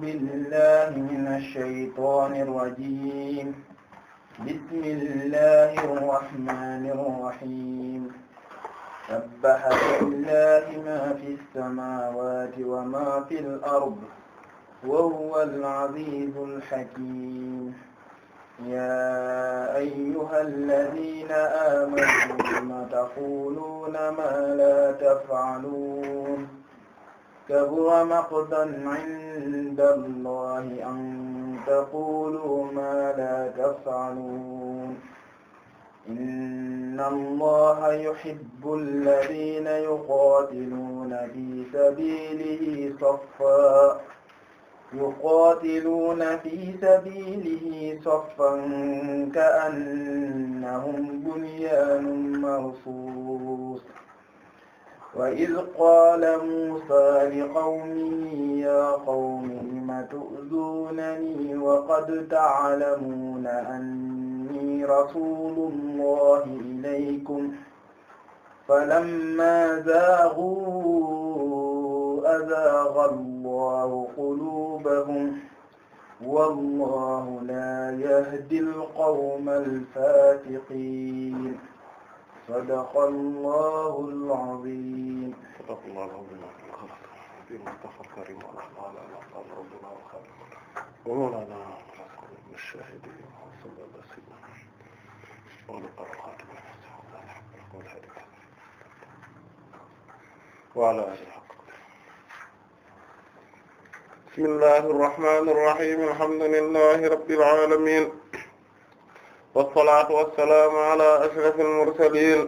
بالله من الشيطان الرجيم بسم الله الرحمن الرحيم سبح لله ما في السماوات وما في الأرض وهو العزيز الحكيم يا أيها الذين آمنوا لم تقولون ما لا تفعلون كبر مقتا عند الله أن تقولوا ما لا تفعلون إن الله يحب الذين يقاتلون في سبيله صفا يقاتلون في سبيله صفا كأنهم بنيان مرصوص وإذ قال موسى لقومه يا قوم لم تؤذونني وقد تعلمون أني رسول الله إليكم فلما زاغوا أزاغ الله قلوبهم والله لا يهدي القوم الفاسقين sadaqallaahu al-aziim. bismillaahi rahmaani rahiim alhamdulillaahi rabbil aalamiin wasalaatu wasalaamu ala ashrafil mursaliin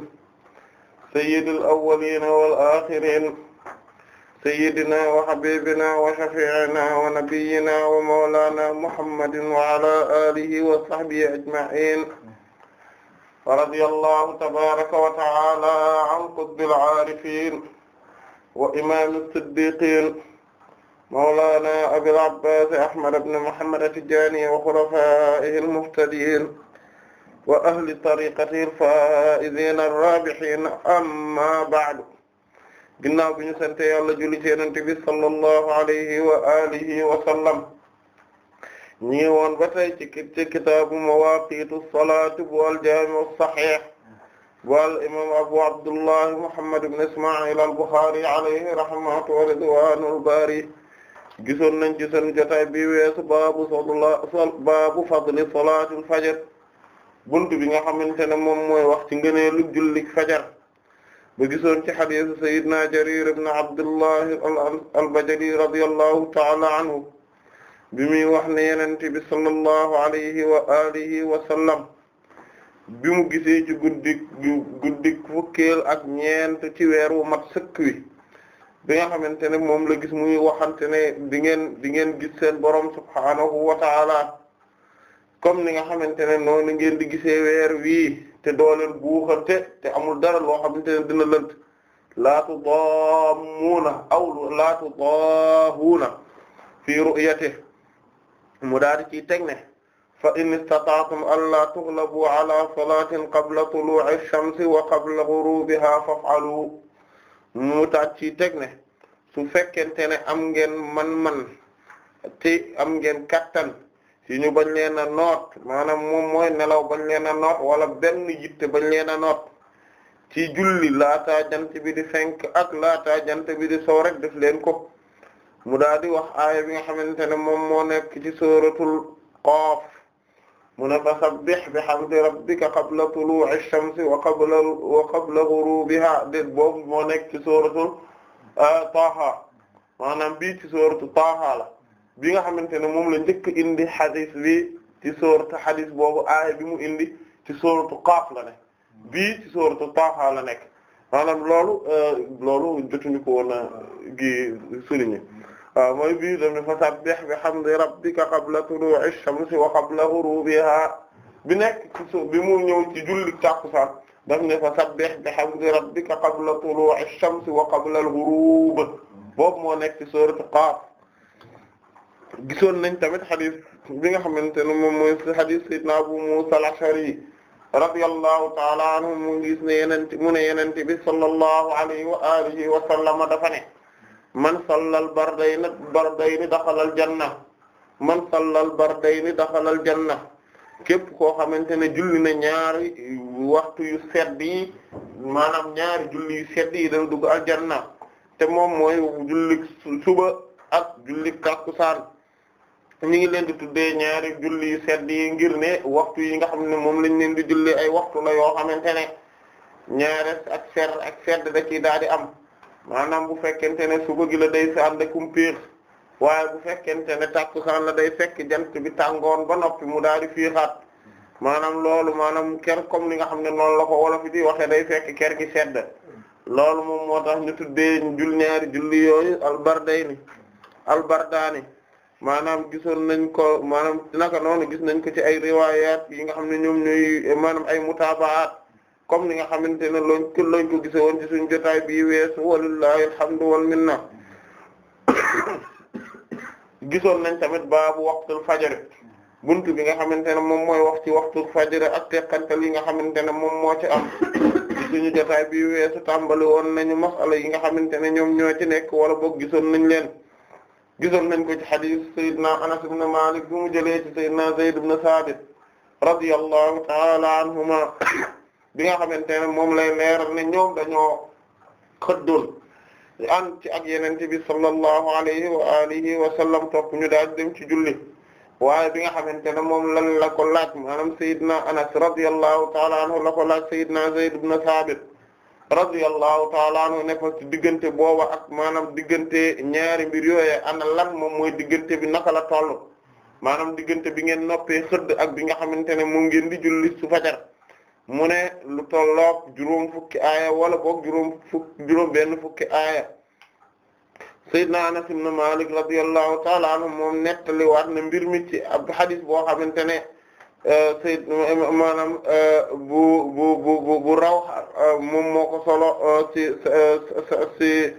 sayyidil awwaliina wal aaxiriin sayyidinaa wa habiibinaa wa shafii'inaa wa nabiyyinaa wa mawlaanaa muhammadin wa ala aalihi wa sahbihi ajma'iin wa radiyallaahu tabaaraka wa ta'aalaa an qutbil aarifiin wa imaamil siddiqiin mawlaanaa abil abbaas ahmad ibn muhammad at-tijaani wa xulafaa'ihil muhtadiin wa ahli tariqati al-faa'iziina ar-raabihiina amma ba'du ginnaaw bi ñu sante yàlla julli ci Yonent bi sallallahu alayhi wa alihi wa sallam ñi ngi woon ba tey ci ci kitaabu mawaaqiitu as-salaat bu al-jaami' as-sahiih bu al-imaam abu abdullah muhammad ibn isma'il al-Bukhaari alayhi rahmatu wa ridwaanu al-baari gisoon nañ ci seen jotaay bi weesu baabu fadli salaatil fajr bunt bi nga xamante ne moom mooy wax ci ngëneelu jullik fajar ba gisoon ci hadiisu sayyidina Jarir ibn Abdullah al-Bajali radiyallahu ta'ala anhu bi muy wax ne Yonent bi sallallahu alayhi wa alihi wa sallam bi mu gisee guddik guddik fukkeel ak ñeent ci weer wu mat sëkk bi nga xamante ne moom la gis muy waxante ne di ngeen di ngeen gis seen borom subhaanahu wa ta'ala comme ni nga xamante ne noonu ngeen di gisee weer wii te doo leen buuxante te amul dara loo xamante ne dina lënt laa tudaamuuna aw laa tudaahuuna fii ru'yati mu daal di ciy teg ne fa in istata'tum allaa tughlabu ala salatin qabla tulu'i shamsi wa qabla ghurubiha faf'alu mu taat ciy teg ne su fekkente ne am ngeen man-man ti am ngeen kattan ci ñu bañ leen a noot maanaam moom mooy nelaw bañ leen a noot wala benn yitte bañ leen a noot ci julli laataa jant bi di fenk ak laataa jant bi di sow rek def leen ko mu daal wax aaya bi nga xamante ne moom moo nekk ci suratul qaaf mu ne fasabbih bihamdi rabbika qabla tulu'i shamsi wa qabla wa qabla ghurubiha dét boobu moo nekk ci suratul bi ah, maanaam bii ci suratul taha la bi nga xamante ne moom la njëkk indi xadis bi ci sooratu xadis boobu aaya bi mu indi ci sooratu Qaaf la nekk bii ci sooratu Taaha la nekk maanaam loolu euh, loolu jotuñu ko woon a gi souligner waaw mooy bii dam ne fa sabbih bihamdi rabbika qabla tuluu'i shamsi wa qabla ghurubiha bi nekk ci bi mu ñëw ci julli tàkkusaan daf ne fa sabbih bihamdi rabbika qabla tuluu'i shamsi wa qabla al-ghurub boobu moo nekk ci sooratu Qaaf gisoon nañ tamit xadis bi nga xamante ne moom mooy xadis sayyidina Abu Musa al-Ash'ari radiyallahu ta'ala anhu mu gis ne yenent mu ne yenente bi sallallahu alayhi wa alihi dafa ne man sallal bardayni bardayni daxalal janna man sallal bardayni daxalal képp koo xamante ne julli na ñaari waxtu yu sedd yi maanaam ñaari julli yu sedd yi dana dugg aljanna te moom mooy julli suba ak julli takkusaan ñu ngi leen di tuddee ñaari julli yu sedd yi ngir ne waxtu yi nga xam ne moom lañ leen di julli ay waxtu la yoo xamante ne ñaare ak ser ak sedd da ciy daal di am maanaam bu fekkente ne suba gi la day saan de kumpiir waaye bu fekkente ne tàkkusaan la day fekk jant bi tàngoon ba noppi mu daal di fiixaat maanaam loolu maanaam ker comme li nga xam ne noonu la ko wolof di waxee day fekk ker gi sedd loolu moom moo tax ñu tuddee jul ñaari julli yooyu albarday ni albardaani maanaam gisoon nañ ko maanaam naka noonu gis nañ ko ci ay riwayat yi nga xam ne ñoom ñooy maanaam ay mutaabaat comme ni nga xamante ne loñ ko loñ ko woon ci suñu jotaay bii weesu walillahi alhamdu wal minna gisoon nañ tamit baabu waxtul fajr bunt bi nga xamante ne moom mooy ci waxtu fajr ak teqantal yi nga xamante ne moom moo ci am suñu jotaay bii weesu tàmbali woon nañu masala yi nga xamante ne ñoom ñoo ci nekk wala boog gisoon nañ leen gisoon nañ ko ci xadis Seydina Anas ibn Malik bu mu jëlee ci Seydina Zayd ibn Sabit radiyallahu ta'ala anhuma bi nga xamante ne moom lay leeral ne ñoom dañoo xëddoon an ci ak yenente bi sallallahu a wa alihi wa sallam topp ñu daal dem ci julli waaye bi nga xamante ne moom lan la ko laaj maanaam Seydina Anas radiyallahu ta'ala anhu la ko laaj Seydina Zayd ibn radiyallahu taala anhu nekkoon ci diggante booba ak maanaam diggante ñaari mbir yooye ana lan moom mooy diggante bi naka la toll maanaam diggante bi ngeen noppee xëdd ak bi nga xamante ne moom ngeen di julli su fajar mu ne lu tolloog juróom fukki aaya wala boog juróom benn fukki aaya sayyidna Anas ibn Malik radiyallahu taala anhu moom nettali waat na mbir mi ci ab hadis boo xamante ne sayd euh, maanaam euh, bu bu raw euh, moom moo ko solo ci ci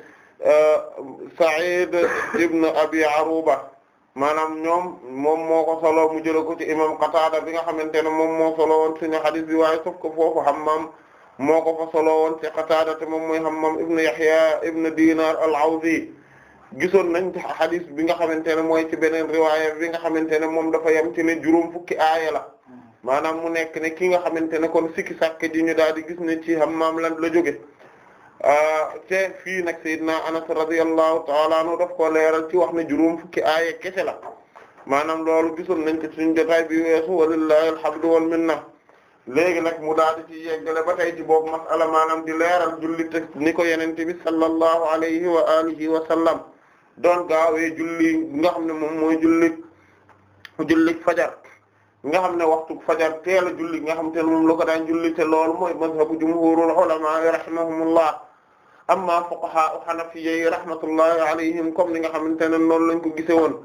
Sa'id ibn Abi Aruba maanaam ñoom moom moo ko solo mu jëlee ko ci imam Qatada bi nga xamante ne moom moo solo woon suñu hadith bi waaye sauf ko foofu Hammam moo ko fa solo woon ci Qatada te moom mooy Hammam ibn Yahya ibn Dinar al-Awdi gisoon nañ hadith bi nga xamante ne mooy ci beneen riwaaya bi nga xamante ne moom dafa yem ci ne juróom fukki aaya la. maanaam mu nekk ne ki nga xamante ne kon sikki sàkk ji ñu daal di gis ne ci Hammaam lan la jóge ah, te fii nag Seydina Anas radiyallahu ta'ala anhu daf ko leeral ci wax ne juróom fukki aaya kese la maanaam loolu gisoon nañ ci suñu jotaay bi weesu walillahi alhamdu wal minna léegi nag mu daal di ci yeggale ba tey ci boobu masala maanaam di leeral julli te ni ko yenente bi sallallahu alayhi wa alihi wa sallam doon gaawee julli nga xam ne moom mooy julli julli fajar nga xam ne waxtu fajar teel a julli nga xam te ne moom la ko daan julli te loolu mooy mazhabu jumhurul ulama rahimahumullah amma fuqaha hanafiyyi rahmatullahi alayhim comme ni nga xamante ne noonu lañ ko gise woon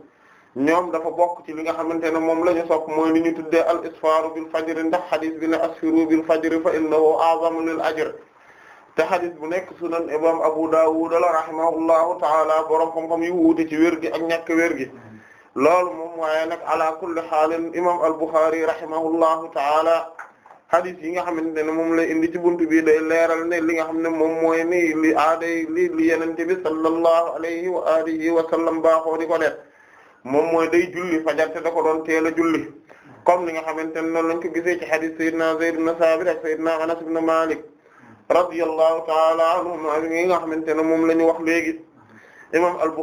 ñoom dafa bokk ci li nga xamante ne moom la ñu sopp mooy li ñu tuddee al isfaru bil fajr ndax xadis bi ne asfiru bil fajr fa innahu a'zamu lil ajr te xadis bu nekk sunan imam abu dawud la rahimahullahu taala borom xam-xam yu ci wér gi ak ñàkk wér gi loolu moom waaye nag ala kulli xaalin imam al-Bukhari rahimahullahu taala hadis yi nga xamante ne moom lay indi ci buntu bi day leeral ne li nga xam ne moom mooy ni li aaday li li yenente bi sallallahu alayhi wa alihi wa sallam baaxoo di ko def moom mooy day julli fajar te da ko doon teel a julli comme li nga xamante ne noonu lañ ko gisee ci hadis sayyidina Zayd ibn Sabit ak sayyidina Anas ibn Malik radiyallahu taala anhum yi nga xamante ne moom la ñu wax léegi imam al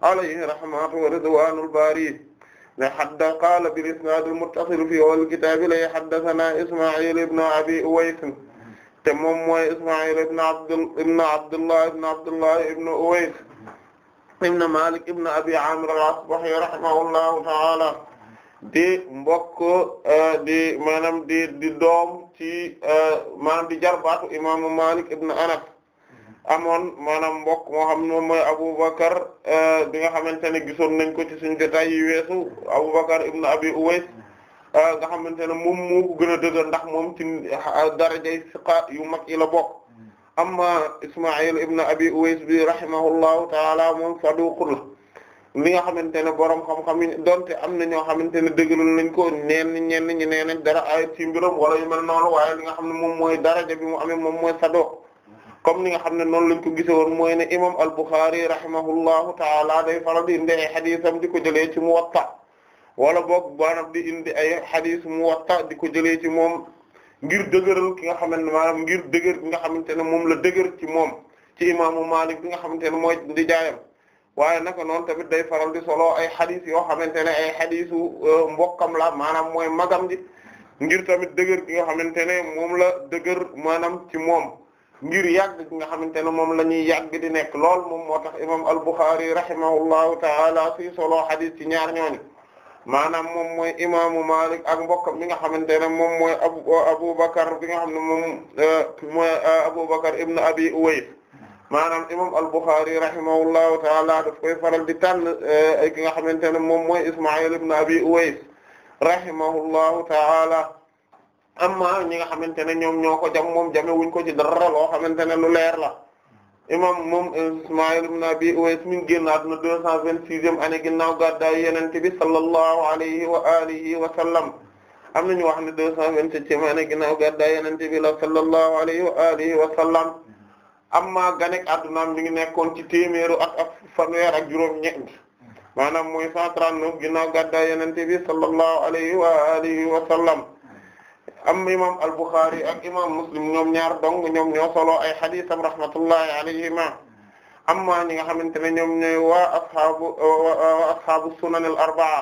alayhi rahmatu wa ridwanul bari ne hadda qaala bil isnaadil muttasil fii wal kitaabi lay haddasanaa Isma'il ibn Abi Uways te moom mooy Isma'il ibn Abdul ibn Abdullah ibn Abdullah ibn Uways ibn Malik ibn Abi Amir al-Asbahi rahimahullahu ta'ala di mbokk eh, di maanaam di di doom ci eh, maanaam di jarbaatu imaamu Malik ibn Anas amoon maanaam mbok moo xam ne moom mooy Aboubacar euh, bi nga xamante ne gisoon nañ ko ci suñu jotaay yi weesu Aboubacar ibn Abi Uways euh, nga xamante ne moom moo ko gën a dëgër ndax moom ci darajay siqa yu mag yi la bokk amma Isma'il ibn Abi Uways bi rahimahullahu taala moom saduqul li nga xamante ne borom xam-xam dont am na ñoo xamante ne dëgëral nañ ko neen ñenn ñi nee nañ dara ay ci mbiram wala yu mel noonu waaye li nga xam ne moom mooy daraja bi mu amee moom mooy saduq comme ni nga xam ne noonu lañ ko gise woon mooy ne imam al-Bukhari rahimahullahu taala day faral di indi ay xadisam di ko jëlee ci Muwatta wala boog maanaam di indi ay xadis Muwatta di ko jëlee ci moom ngir dëgëral ki nga xamante ne maanaam ngir dëgër ki nga xamante ne moom la dëgër ci moom ci imaamu Malik bi nga xamante ne mooy di jaayam waaye naka noonu tamit day faral di solo ay xadis yoo xamante ne ay xadisu euh, mbokkam la maanaam mooy magam ji ngir tamit dëgër ki nga xamante ne moom la dëgër maanaam ci moom ngir yàgg gi nga xamante ne moom la ñuy yàgg di nekk lool moom moo tax imam al-Bukhari rahimahullahu taala fi solo hadith ci ñaar ñooñu maanaam moom mooy imaamu Malik ak mbokkam mi nga xamante ne moom mooy abu Aboubacar bi nga xam ne moom euh, mooy euh, Aboubacar ibn Abi Uways maanaam imam al-Bukhari rahimahullahu taala daf koy faral di tànn euh, ki nga xamante ne moom mooy Isma'il ibn Abi Uways rahimahullahu taala amma ñi nga xamante ne ñoom ñoo ko jam moom jame wuñ ko ci dara loo xamante ne lu leer imam moom Ismaïl ibn Abi Uways mi ngi génn àdduna deux cent vingt-sixième année ginnaaw gàddaay Yonent bi sallallahu alayhi wa alihi wa sallam am nañu wax ne deux cent vingt-septième année ginnaaw gàddaay Yonent bi la sallallahu alayhi wa alihi wa sallam amma ganek addunaam mi ngi nekkoon ci téeméeru ak ak fanweer ak juróom ñeent maanaam mooy cent trente-neuf ginnaaw gàddaay Yonent bi sallallahu alayhi wa alihi wa sallam am imam al-Bukhari ak imam Muslim ñoom ñaar dong ñoom ñoo solo ay haditham rahmatullahi alayhima amma ñi nga xamante ne ñoom ñooy waa ashabu waa ashabu sunan al-arba'a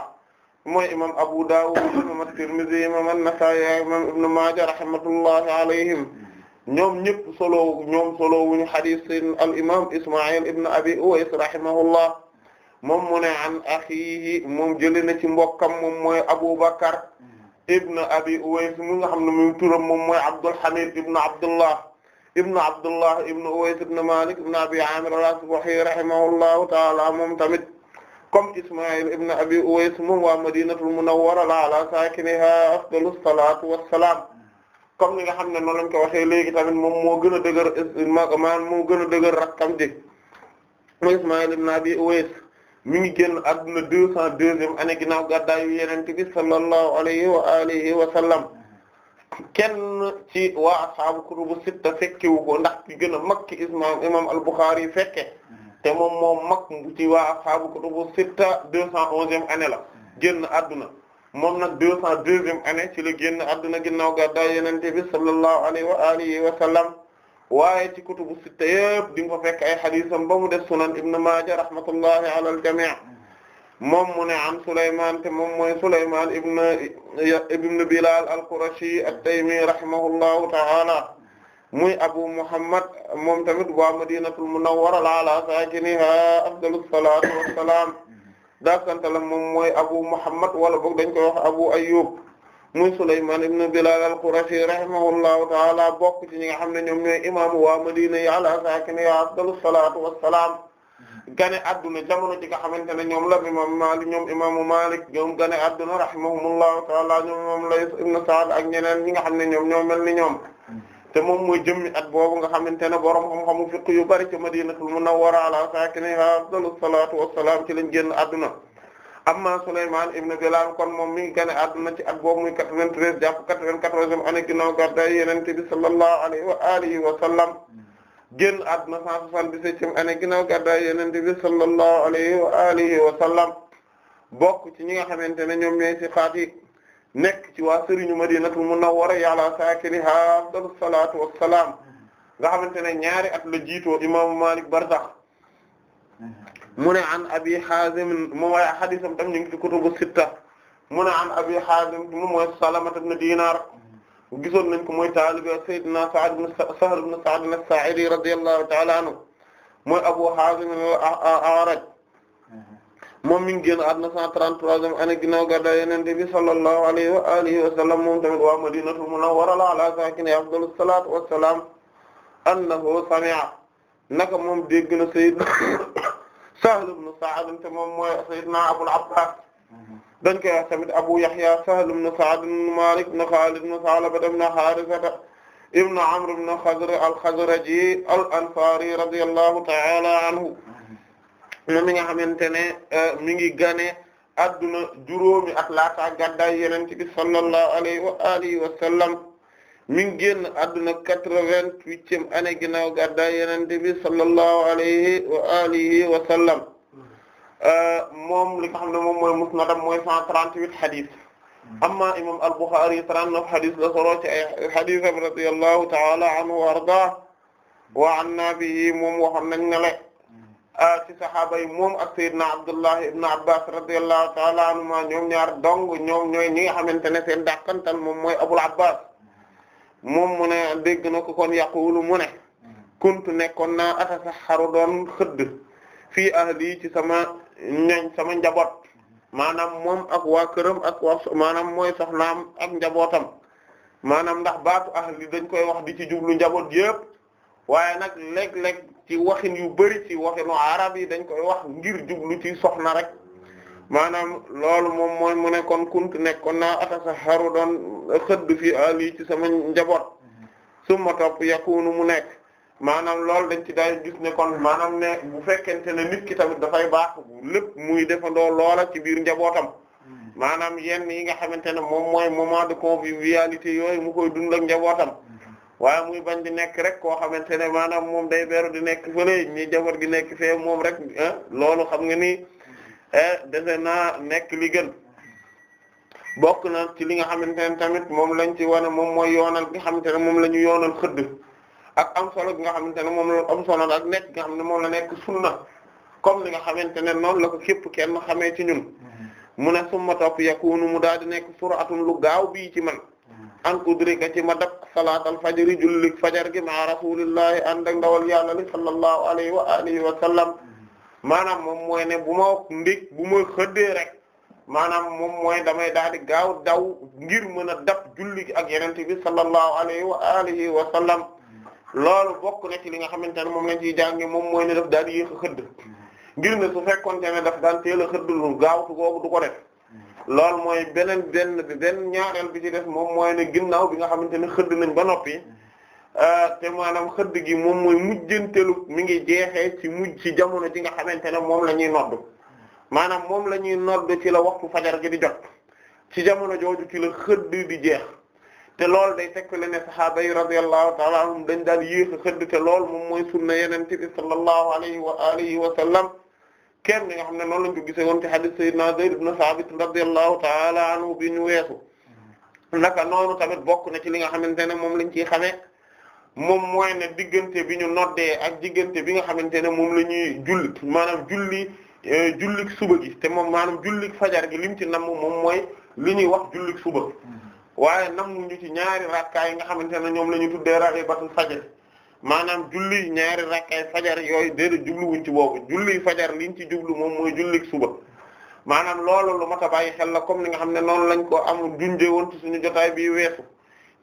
mooy imam Abu Dawud imam at-Tirmidhi imam an-Nasa'i imam Ibn Majah rahmatullahi alayhim ñoom ñëpp solo ñoom solo wuñu hadith al imam Isma'il ibn Abi Uways rahimahullah moom mu ne an akhihi moom jëlee na ci mbokkam moom mooy Abu Bakar ibn abi uways mi nga xam ne moom turam moom mooy abdul hamid ibn abdullah ibn abdullah ibn uways ibn malik ibn abi amir al-asbahi rahimahullahu ta'ala moom tamit comme isma'il ibn abi uways moom waa madinatul munawwara ala sakiniha afdalus salatu wassalam comme ni nga xam ne noonu lañ ko waxee léegi tamit moom moo gën a dëgër maa moo gën a dëgër rakkam ji mooy isma'il ibn abi uways mi ngi génn adduna deux cent deuxième année ginnaaw gàddaayu yenente bi sallallahu alayhi wa alihi wa sallam kenn ci waa ashaabu kutubu sitta fekkewu ko ndax ki gën a mag ci ismaam imam al-Bukhari yi fekke te moom moom mag ci waa ashaabu kutubu sitta deux cent onzième année la génn adduna moom nag deux cent deuxième année ci la génn adduna ginnaaw gàddaayu yenente bi sallallahu alayhi wa alihi wa sallam waaye ci kutubu sitta yëpp di nga fa fekk ay xadisam ba mu def sunan ibn Maaja rahmatullahi ala al-jamii moom mu ne an Sulaymaan te moom mooy Sulaymaan ibn ibn Bilaal al-Qurashi at-Taymi rahimahullahu ta'ala muy Abu Muhammad moom tamit waa Madinatul Munawwara ala saakiniha afdalus salaatu wassalaam daakantalam moom mooy Abu Muhammad wala boog dañ koy wax Abu Ayyub muy Sulaymaan ibn Bilaal al-Qurashi rahimahullahu ta'ala bokk ci ñi nga xam ne ñoom ñooy imaamu waa Madina yi ala saakinihaa afdalu salaatu wassalaam gane ji nga xamante ne ñoom la imaamu Maalik ñoom imaamu Maalik ñoom gane adduna rahimahumullahu ta'ala ñoom moom Layth ibn Sa'd ak ñeneen ñi nga xam ne ñoom ñoo mel ni ñoom te moom mooy jëmmi at boobu nga xamante ne borom xam-xamu fiqh yu bari ci Madinatul Munawwara ala saakinihaa afdalu salaatu wassalaam ci lañ génn adduna amma Sulaymaan ibn Bilaal kon moom mi ngi gane adduna ci at boobu muy 93 jàpp 94e année ginnaaw gàddaay Yonent bi sallallahu alayhi wa alihi wa sallam génn adduna 177e année ginnaaw gàddaay Yonent bi sallallahu alayhi wa alihi wa sallam bokk ci ñi nga xamante ne ñoom ñooy ci xaat yi nekk ci waa sëriñu Madinatul Munawwara yàlla saakiniha afdalu salaatu wassalaam nga xamante ne ñaari at la jiitoo imaamu Maalik Barzax mu ne an abi Hazim moom waaye hadisam tam ñu ngi ci kutubu sitta mu ne an abi Hazim moom mooy Salama ibn Dinar gisoon nañ ko mooy taalibi Sayyidina Sa'd ibn Sahl ibn Sa'd as-Sa'idi radiyallahu ta'ala anhu mooy Abu Hazim al-A'raj moom mi ngi génn àdduna 133e année ginnaaw gàddaay Yonent bi sallallahu alayhi wa alihi wa sallam moom tamit waa Madinatul Munawwara ala saakinihaa afdalu salaatu wa salaam annahu sami'a naka moom dégg na Sayyidina Sahl ibn Sa'd te moom mooy Sayyidina Abul Abbas dañ koy wax tamit Abu Yahya Sahl ibn Sa'd ibn Malik ibn Khalid ibn Tha'laba ibn Haritha ibn Amr ibn Khazr al-Khazraji al-Ansari radiyallahu ta'ala anhu mi nga xamante ne euh, mi ngi gane adduna juróomi at laata gàddaay Yonent bi sallallahu alayhi wa alihi wa sallam mi ngi génn adduna quatre-vingt-huitième année ginnaaw gàddaay Yonent bi sallallahu alayhi wa alihi wa sallam euh, moom li nga xam ne moom mooy musnadam mooy cent trente-huit hadith amma imam al-Bukhari trente-neuf hadith la solo ci ay haditham radiyallahu ta'ala anhu wa ardah wa anna bihi moom waxoon nañ ne le euh, ci sahaaba yi moom ak sayyidina Abdullah ibn Abbas radiyallahu ta'ala anhuma ñoom ñaar dong ñoom ñooy ñi nga xamante ne seen dàqantal moom mooy Abul Abbas moom mu ne dégg na ko kon yaqulu mu ne mm. kuntu nekkoon naa atasaxaru doon xëdd fii ahli ci sama ñoñ sama njaboot mm-hmm. maanaam moom ak waa këram ak waa maanaam mooy soxnaam ak njabootam maanaam ndax baatu ahli dañ koy wax di ci jublu njaboot yëpp waaye nag léeg-léeg ci waxin yu bari ci waxinu arab yi dañ koy wax ngir jublu ci soxna rek maanaam loolu moom mooy mu ne kon kuntu nekkoon naa atasaharu doon xëdd fi ali ci sama njaboot suma topp yakunu mu nekk maanaam loolu dañ ci daay gis ne kon maanaam ne bu fekkente ne nit ki tamit dafay baax lépp muy defandoo loola ci biir njabootam maanaam yenn yi nga xamante ne moom mooy moment de convivialité yooyu mu koy dund ak njabootam waaye muy bañ di nekk rek koo xamante ne maanaam moom day beru di nekk fële ñi jaboot gi nekk fee moom rek ah, loolu xam nga ni. E defe naa nekk li gën bokk na ci li nga xamante ne tamit moom lañ ci wane moom mooy yoonal nga xamante ne moom la ñu yoonal xëdd ak am solo bi nga xamante ne moom la am solo ak nekk nga xam ne moom la nekk sunna comme li nga xamante ne noonu la ko képp kenn xamee ci ñun mu ne summa topp yakunu mu daal di nekk suraatun lu gaaw bii ci man an udrika ci ma dab salaatal fajri jullik fajar gi ma rasulillahi ànd ak ndawal yàlla li sallallahu alayhi wa alihi wa sallam maanaam moom mooy ne bu ma ndig bu ma xëddee rek maanaam moom mooy damay daal di gaaw daw ngir mën a dab julli gi ak yenente bi sallallahu alayhi wa alihi wa sallam loolu bokk na ci li nga xamante ne moom lañ ciy jànge moom mooy ne daf daal di yéex a xëdd ngir ne su fekkonte ne daf daan teel a xëdd lu gaawtu googu du ko def loolu mooy beneen benn bi ñaareel bi ci def moom mooy ne aw bi nga xamante ne xëdd nañ ba noppi Euh, te maanaam xëdd gi moom mooy mujjantelu mi ngi jeexee ci mujj ci jamono ji nga xamante ne moom la ñuy nodd maanaam moom la ñuy nodd ci la waxtu fajar gi di jot ci jamono jooju ci la xëdd di jeex te loolu day fekk le ne sahaaba yi radiyallahu taala anhum dañ daan yéex a xëdd te lool moom mooy sunna yenente bi sallallahu alayhi wa alihi wa sallam kenn nga xam ne noonu lañ ko gisee woon ci hadith sayyidina Zayd ibn Sabit radiyallahu taala anhu bi ñu weesu naka noonu tamit bokk na ci li nga xamante ne moom lañ ciy xamee moom mooy ne diggante bi ñu noddee ak diggante bi nga xamante ne moom la ñuy julli maanaam julli euh, jullik suba gi te moom maanaam jullik fajar gi lim ci namm moom mooy li ñuy wax jullik suba mm-hmm. waaye namm ñu ci ñaari rakkaay yi nga xamante ne ñoom la ñu tuddee rabibatul fajar maanaam julli ñaari rakkaay fajar yooyu déedéet jubluwuñ ci boobu julli fajar liñ ci jublu moom mooy jullik suba maanaam loolu lu mat a bàyyi xel la comme ni nga xam ne noonu lañ ko am junjee woon ci suñu jotaay bi weesu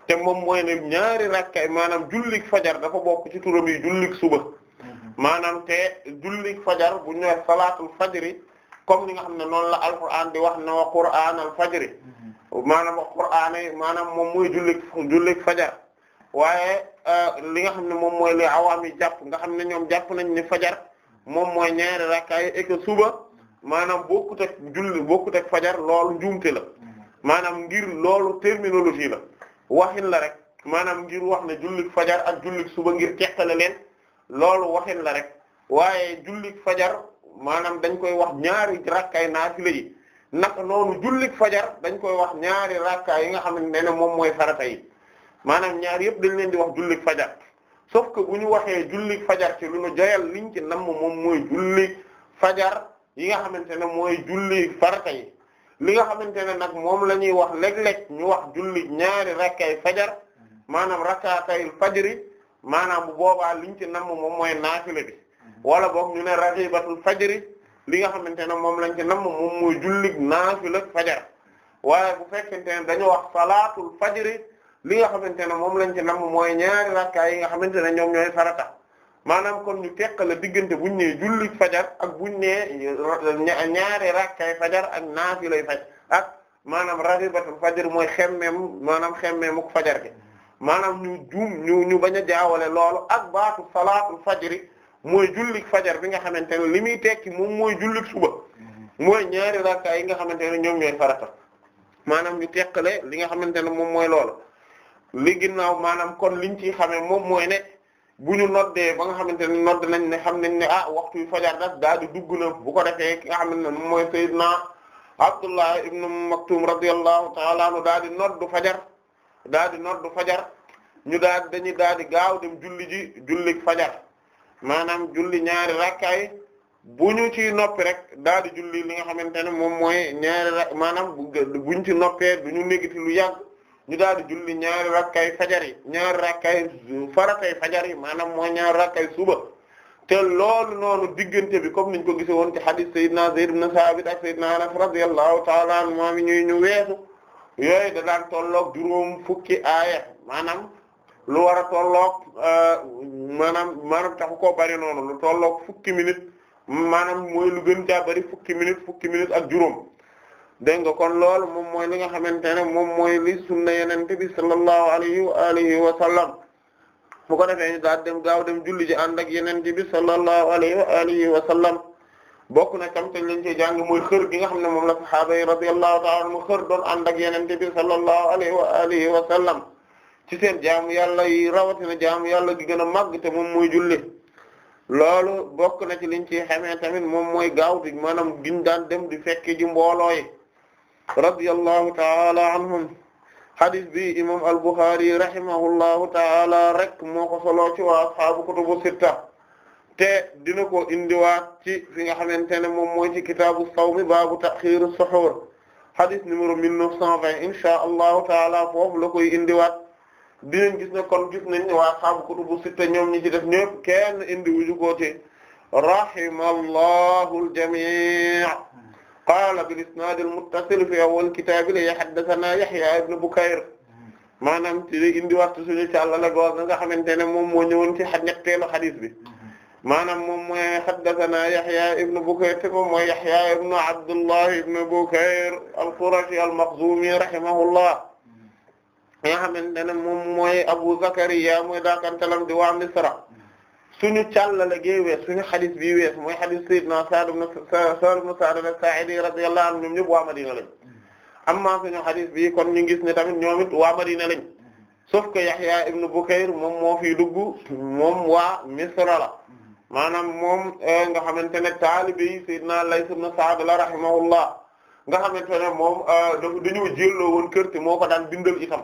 te moom mooy ne ñaari rakka maanaam jullik fajar dafa bokk ci turam yi jullik suba maanaam te jullik fajar bu ñu wax salaatul fajri comme ni nga xam ne noonu la alquran di wax ne wa qur'aan al fajri maanaam wa qur'aan maanaam moom mooy jullik fajar waaye euh, li nga xam ne moom mooy ne awaam yi jàpp nga xam ne ñoom jàpp nañ ni fajar moom mooy ñaari rakkaay et que suba maanaam bokkut ak julli bokkut ak fajar loolu njuumte la mm-hmm. maanaam ngir loolu terminologie la waxin la rek maanaam ngir wax na jullik fajar ak jullik suba ngir teqale leen loolu waxin la rek waaye jullik fajar maanaam dañ koy wax ñaari rakkaay naafila yi naka noonu jullik fajar dañ koy wax ñaari rakkaay yi nga xamante ne moom mooy farata yi maanaam ñaar yëpp dañ leen di wax jullik fajar sauf que bu ñu waxee jullik fajar ci lu nu jayal liñ ci namm moom mooy jullik fajar yi nga xamante ne mooy julli farata yi li nga xamante ne nag moom la ñuy wax léeg-léeg ñu wax julli ñaari rakkay fajar maanaam rakkaatayil fajri maanaam bu boobaa liñ ci namm moom mooy naafila bi wala boog ñu ne raxibatul fajri li nga xamante ne moom lañ ci namm moom mooy jullig naafila fajar waaye bu fekkente ne dañu wax salaatul fajri li nga xamante ne moom lañ ci namm mooy ñaari rakkaay yi nga xamante ne ñoom ñooy farata maanaam kon ñu teqale diggante buñ nee julli fajar ak buñ nee ñaari rakkay fajar ak naafilay faj ak maanaam raxibatul fajar mooy xemmeem maanaam xemmeemuk fajar gi maanaam ñu juum ñu ñu bañ a jaawale loolu ak baatu salaatul fajri mooy jullik fajar bi nga xamante ne li muy tekki moom mooy jullik suba mooy ñaari rakkaay yi nga xamante ne ñoom ñooy farata maanaam ñu teqale li nga xamante ne moom mooy loolu li ginnaaw maanaam kon liñ ciy xamee moom mooy ne bu ñu noddee ba nga xamante ne nodd nañ ne xam nañ ne ah waxtu yu fajar daf daal di dugg na bu ko defee ki nga xam ne mooy Seydina Abdullah ibn Maktum radiyallahu ta'ala anhu daal di noddu fajar daal di noddu fajar ñu daal dañuy daal di gaaw dem julli ji julli fajar maanaam julli ñaari rakkaay bu ñu ci noppi rek daadi di julli li nga xamante ne moom mooy ñaari rak maanaam buñ ci noppee du ñu négati lu yàgg ñu daal di julli ñaari rakkay fajar yi ñaari rakkay faratay fajar yi maanaam mooy ñaari rakkay suba te loolu noonu diggante bi comme niñ ko gise woon ci hadith Seydina Zayd ibn Sabit ak Seydina Anas radiyallahu ta'ala anhu moom ñuy ñu weesu yooyu da daan tolloog juróom fukki aaya maanaam lu war a tolloog euh, maanaam maanaam taxu koo bari noonu lu tolloog fukki minutes maanaam mooy lu gën caa bari fukki minutes fukki minutes ak juróom dégg nga kon loolu moom mooy li nga xamante ne moom mooy li sunna yeneen bi sallallahu alayhi wa alihi wa sallam bu ko defee ñu daal dem gaaw dem julli ji ànd ak yeneen bi sallallahu alayhi wa alihi wa sallam bokk na tam te lañ ci jàng mooy xër gi nga xam ne moom la sahaaba yi radiyallahu ta'ala mu xër doon ànd ak yeneen bi sallallahu alayhi wa alihi wa sallam ci seen jaamu yàlla yi rawatina jaamu yàlla gi gën a màgg te moom mooy julli loolu bokk na ci liñ ci xamee tamit moom mooy gaaw bi maanaam gin daan dem di fekke ji mbooloo yi radiyallahu taala anhum hadis bi imam al-Bukhari rek moo ko solo kutubu sitta te dina ko indiwaat ci fi nga xamante ne moom mooy ci kitaabu sawmi baabu ta'xiiru suhuur hadis numéro mille neuf cent vingt inshaa allahu taala foofu la koy indiwaat dinañ gis ne kon gis nañ waa ashaabu kutubu sitta ñoom ñi ci def ñëpp kenn indi wuju ko ci rahimallahu al-jamii' qaala bil isnaad al muttasil fi awwal kitaab li haddathanaa Yahyaa ibn Bukayr maanaam ci indiwaat suñu ci àllale goor nga xamante ne moom moo ñëwoon ci ñetteelu xadis bi maanaam moom mooy haddathanaa Yahyaa ibn Bukayr te moom mooy Yahyaa ibn Abdullah ibn Bukayr al-Qurashi al-Makhzumi rahimahullah nga xamante ne moom mooy Abu Zakariya mooy daakantalam di waa Misra suñu càllale gee wees suñu xadis bii wees mooy xadis sayyidina Sa'd ibn Sa'd ibn Sa'd as-Sa'idi radiyallahu na ñoom ñëpp waa Madina lañ amma suñu bii kon ñu gis ne tamit ñoom it waa Madina lañ sauf que Yahya ibn Bukayr moom moo fi dugg moom waa Misra la maanaam moom eh, nga xamante ne taalibe yi sayyidina Layth ibn Sa'd la rahimahullah nga xamante ne moom eh, dañoo jëlloo woon kër te moo ko daan bindal itam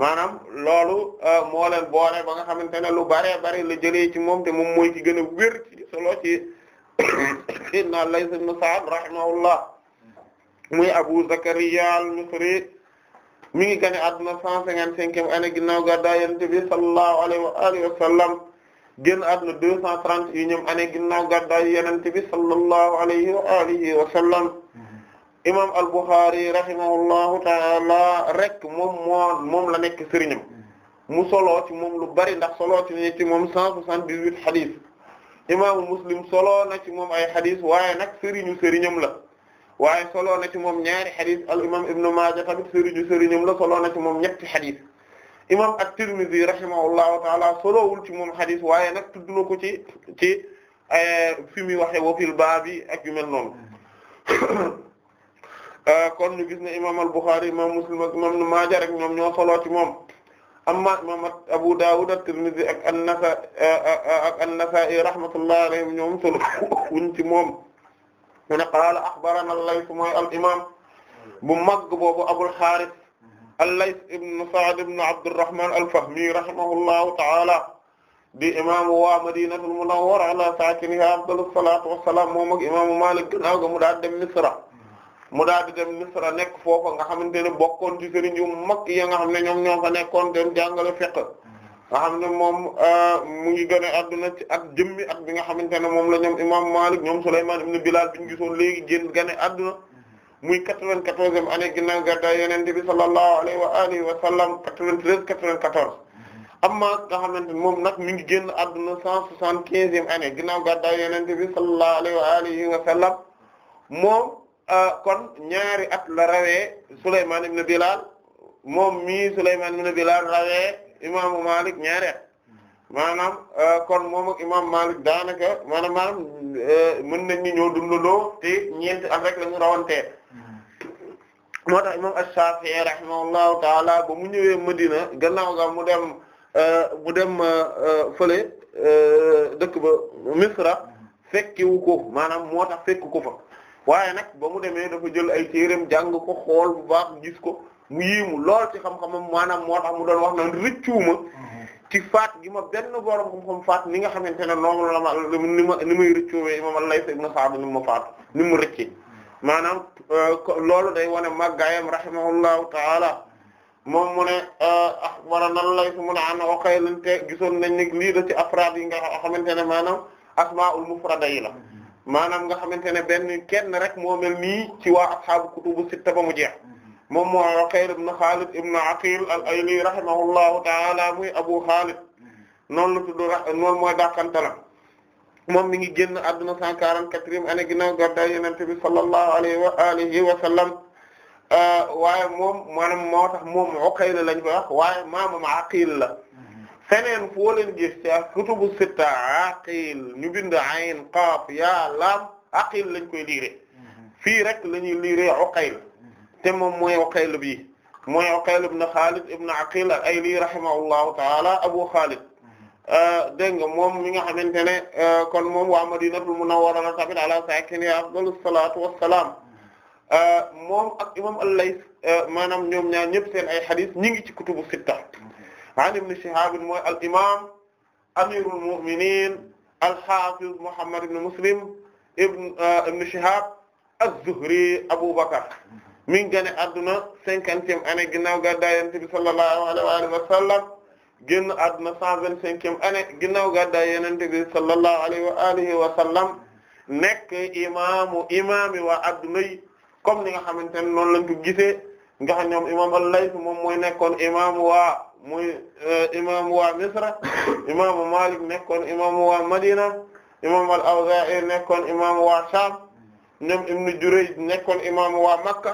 maanaam loolu euh, moo leen boole ba nga xamante ne lu baree bare la jëlee ci moom te moom mooy ki gën a wér ci solo ci sayyidina Layth ibn Sa'd rahimahullah muy Abu Zakariya al-Misri mi ngi a àdduna 155e année ginnaaw gàddaay Yonent bi sallallahu alayhi wa alihi wa sallam génn àdduna 231e année ginnaaw gàddaay Yonent bi sallallahu alayhi wa alihi wa sallam imam al-Bukhari rahimahullahu taala rek moom moom la nekk sëriñam mu soloo ci moom lu bari ndax soloo ci ci moom cent soixante-dix-huit xadis imaamu Muslim soloo na ci moom ay xadis waaye nag sëriñu sëriñam la waaye soloo na ci moom ñaari xadis al imam Ibn Maaja tamit sëriñu sëriñam la soloo na ci moom ñetti xadis imam at-Tirmidhi rahimahullahu taala solowul ci moom xadis waaye nag tudd ko ci ci eh, fi muy waxe wa fil baabi ak yu mel Euh, kon ñu gis ne imam al-Bukhari imam Muslim ak imam Ibn Maaja rek ñoom ñoo solo ci moom amma imam Abu Dawud at-Tirmidhi ak an-Nasa euh, ak an-Nasa'i rahmatullahi alayhim ñoom solo wuñ ci moom mu ne qaala akhbarana al-Layth mooy al imam bu mag boobu Abul Harith al-Layth ibn Sa'd ibn Abdurrahman al-Fahmi rahimahullahu ta'ala di imam waa Madinatul Munawwara ala sakiniha afdalu salatu wassalam moom ak imam Malik gannaaw ga mu daa dem Misra mu daal di dem Misra nekk foofa nga xamante ne bokkoon ci sëriñ yu mag ya nga xam ne ñoom ñoo fa nekkoon dem jàngale fiqh nga xam moom euh, mu ngi a adduna ci at bi nga xamante ne moom la ñoom imam Malik ñoom Sulaymaan ibn Bilaal bi ñu gisoon léegi génn gën a adduna muy quatre-vingt-quatorzième année ginnaaw gàddaay Yonent bi sallallahu alayhi wa alihi wa sallam quatre-vingt-treize quatre-vingt-quatorze amma nga xamante moom nag mi ngi génn adduna cent soixante-quinzième année ginnaaw gàddaay Yonent bi sallallahu alayhi wa alihi wa sallam moom Ah, kon ñaari at la rawee Sulaymaan ibn Bilaal moom mii Sulaymaan ibn Bilaal rawee imaamu Maalik ñaari at maanaam ah, kon moom imaam Maalik daanaka maanaam maanaam ah, mën nañ ñu ñoo dundaloo te ñeenti at rek la ñu rawantee moo tax imaam As-Shaafi'i rahimahullahu taala ba mu ñëwee Madina gannaaw ga mu dem dem fële dëkk ba Misra fekkiwu ko maanaam moo tax fekk ko fa waaye nag ba mu demee dafa jël ay téereem jàng ko xool bu baax gis ko mu yéemu lool ci xam-xamam maanaam moo tax mu doon wax naan ma mm-hmm. ci faat gi ma benn borom xam-xam faat ni nga xamante ne noonu la ma ni ma ni may rëccuwee imam al-Layth ibn ma faat ni mu rëcce maanaam euh, loolu day wane màggaayam rahimahullahu ta'ala moom mu ne euh, axbarana al-Layth mu ne an Uqayl gisoon nañ ne lii da ci afraad yi nga xamante ne maanaam asmaa'ul mufrada yi la mm-hmm. maanaam nga xamante ne benn kenn rek moo mel nii ci waa ashaabu kutubu sitta ba mu jeex moom moo Uqayl ibn Xaalid ibn Aqil al-Ayli rahimahullahu ta'ala muy Abu Xaalid noonu la tudd noonu mooy dàqantalam moom mi ngi génn àdduna 144e année na gàddaay Yonent bi sallallahu alayhi wa alihi wa sallam euh, waaye moom maanaam moo tax moom Uqayl lañ koy wax waaye maamam Aqil la. feneen foo leen gis ci sitta aqil ñu bind ayn qaaf yaa laam aqil lañ koy liire mhm. fii rek la liire uqayl mhm. te moom mooy uqayl bi mooy bi ibn xaalid ibn aqil al ayli rahimahullahu taala abu xaalid mhm. euh, dégg nga moom mi nga xamante ne euh, kon moom waa madinatul munawwara la tamit ala saakini afdalu salaatu wassalaam euh, moom ak imam al-Layth maanaam ñoom ñaar ñëpp seen ay xadis ñi ngi ci kutubu sitta an ibn Shihab mooy al imam amirul mu'minin al-hafiz Muhammad ibn Muslim ibn uh, ibn Shihab az-Zuhri Abu Bakr mi ngi génn àdduna cinquantième année ginnaaw gàddaay Yonent bi sallallahu alayhi wa sallam génn àdduna cent vingt-cinquième année ginnaaw gàddaay Yonent bi sallallahu alayhi wa alihi wa sallam nekk imaamu imaami waa adduna yi comme ni nga xamante ne noonu lañ ko gisee nga xam ñoom imaam al-Layth moom mooy nekkoon imaamu waa muy euh, imaamu waa Misra imaamu Malik nekkoon imaamu waa Madina imaamu al-Awzaa'i nekkoon imaamu waa Sham ñoom Ibnu Jurayj nekkoon imaamu waa Makka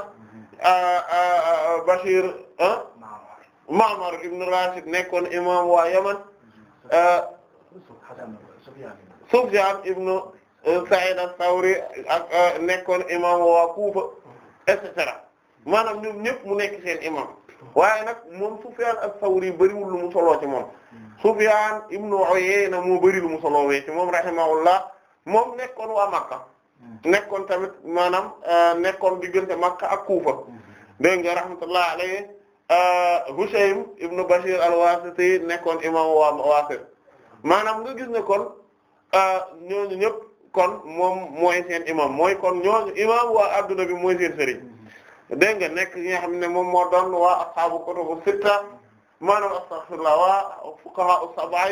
mm-hmm. Bashir Ma'mar ibnu Rashid nekkoon imaamu waa Yaman mm-hmm. euh, Sufyaan ibnu euh, Sa'id as-Sawri ak nekkoon waa Kufa et cetera maanaam ñoom ñëpp mu nekk seen imaam waaye nag moom Sufyaan as-Sawri bëriwul lu mu soloo ci moom hmm. Sufyaan ibnu Uyayna moo bëri lu mu soloo wee ci moom rahimahullah moom nekkoon waa Makka hmm. nekkoon tamit maanaam euh, nekkoon diggante Makka ak Kufa hmm. dégg nga rahmatullah alayhi euh, Hushaym ibnu Bashir al-Wasiti nekkoon imam waa Wasit maanaam nga gis ne kon euh, ñooñu ñëpp kon moom mooy seen imam mooy kon ñooñu imam waa adduna bi mooy seen sëriñ dégg nga nekk ñi nga xam ne moom moo doon waa ashaabu kutubu sitta maanaam astaghfirullah waa fuqaha as-sab'a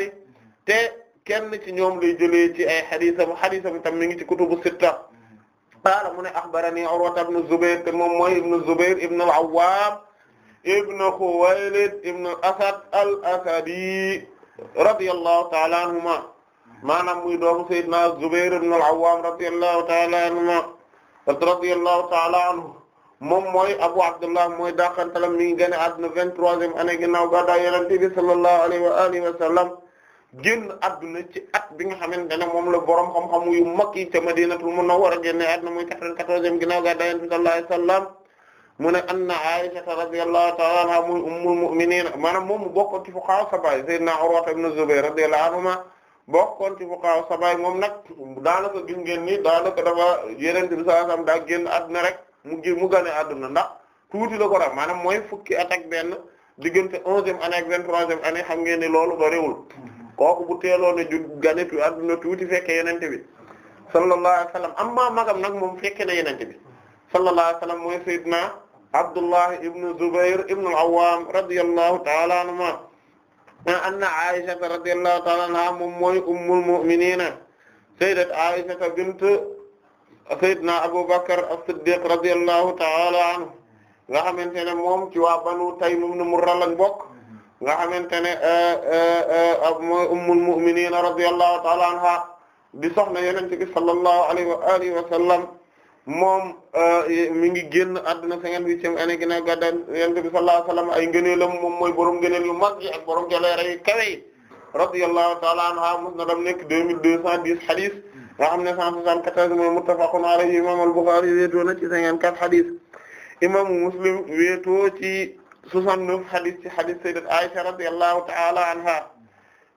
te kenn ci ñoom lay jëlee ci ay xadisam xadisam itam mi ngi ci kutubu sitta qaala mu ne axbarani urwata ibn zubayr te moom mooy ibn zubayr ibn al-awwab ibn xuwaylid ibn asad al-asadi radiyallahu ta'ala anhuma maanaam muy doomu sayyidina zubayr ibn al-awwam radiyallahu ta'ala anhuma radiyallahu ta'ala anhu moom mooy Abu Abdullah mooy daqantalam mi ngi génn àdduna vingt-troisième année ginnaaw gàddaay Yonent bi sallallahu alayhi wa alihi wa sallam génn àdduna bi nga xamante ne moom la borom xam-xam yu mag yi ca Madinatul Munawwara génne àdduna muy quatre-vingt-quatorzième ginnaaw gàddaay Yonent bi sallallahu alayhi wa sallam mu ne anna Aisha radiyallahu maanaam moom mu bokkoon ci fuqaha sabay Sayyidina Urwa ibn Zubayr radiyallahu anhuma bokkoon ci moom nag daanaka gis ngeen ni daanaka dafa Yonent bi sallallahu alayhi wa sallam daa génn àdduna rek mu gé mu gane adduna ndax tuuti la ko ra maanaam mooy fukki at ak benn diggante onzième année ak vingt-troisième année xam ngeen ne loolu bariwul kooku bu teeloon a jug gane tu adduna tuuti fekke yenente bi sallallahu alayhi wa amma magam nag moom fekke na yenente bi sallallahu alayhi wa sallam mooy sayyidina Abdullah ibn Zubair ibn al-Awwam ta'ala anhuma anna mooy ummul mu'minina sayyidat Aisha bint Seydina Aboubacar as-Siddiq radiyallahu ta'ala anhu nga xamante ne moom ci waa banu Taym ibn Murra lañ bokk nga xamante ne eh, eh, eh, mooy ummul mu'minin radiyallahu ta'ala anha di soxna Yonent bi sallallahu alayhi wa alihi wa sallam moom mi ngi génn àdduna cinquante-huitième année ginnaaw gàddaay Yonent bi sallallahu alayhi wa sallam ay ngëneelam moom mooy borom ngëneel yu mag yi ak borom jaloore yu kawe yi radiyallahu ta'ala anha mos na dam nekk deux mille deux cent dix hadith nga xam ne 174 mooy muttafaqun alayhi imam al-Bukhari wéetoo na ci 54 hadith imam Muslim wéetoo ci 69 hadith ci hadith sayyidat Aisha radiyallahu ta'ala anha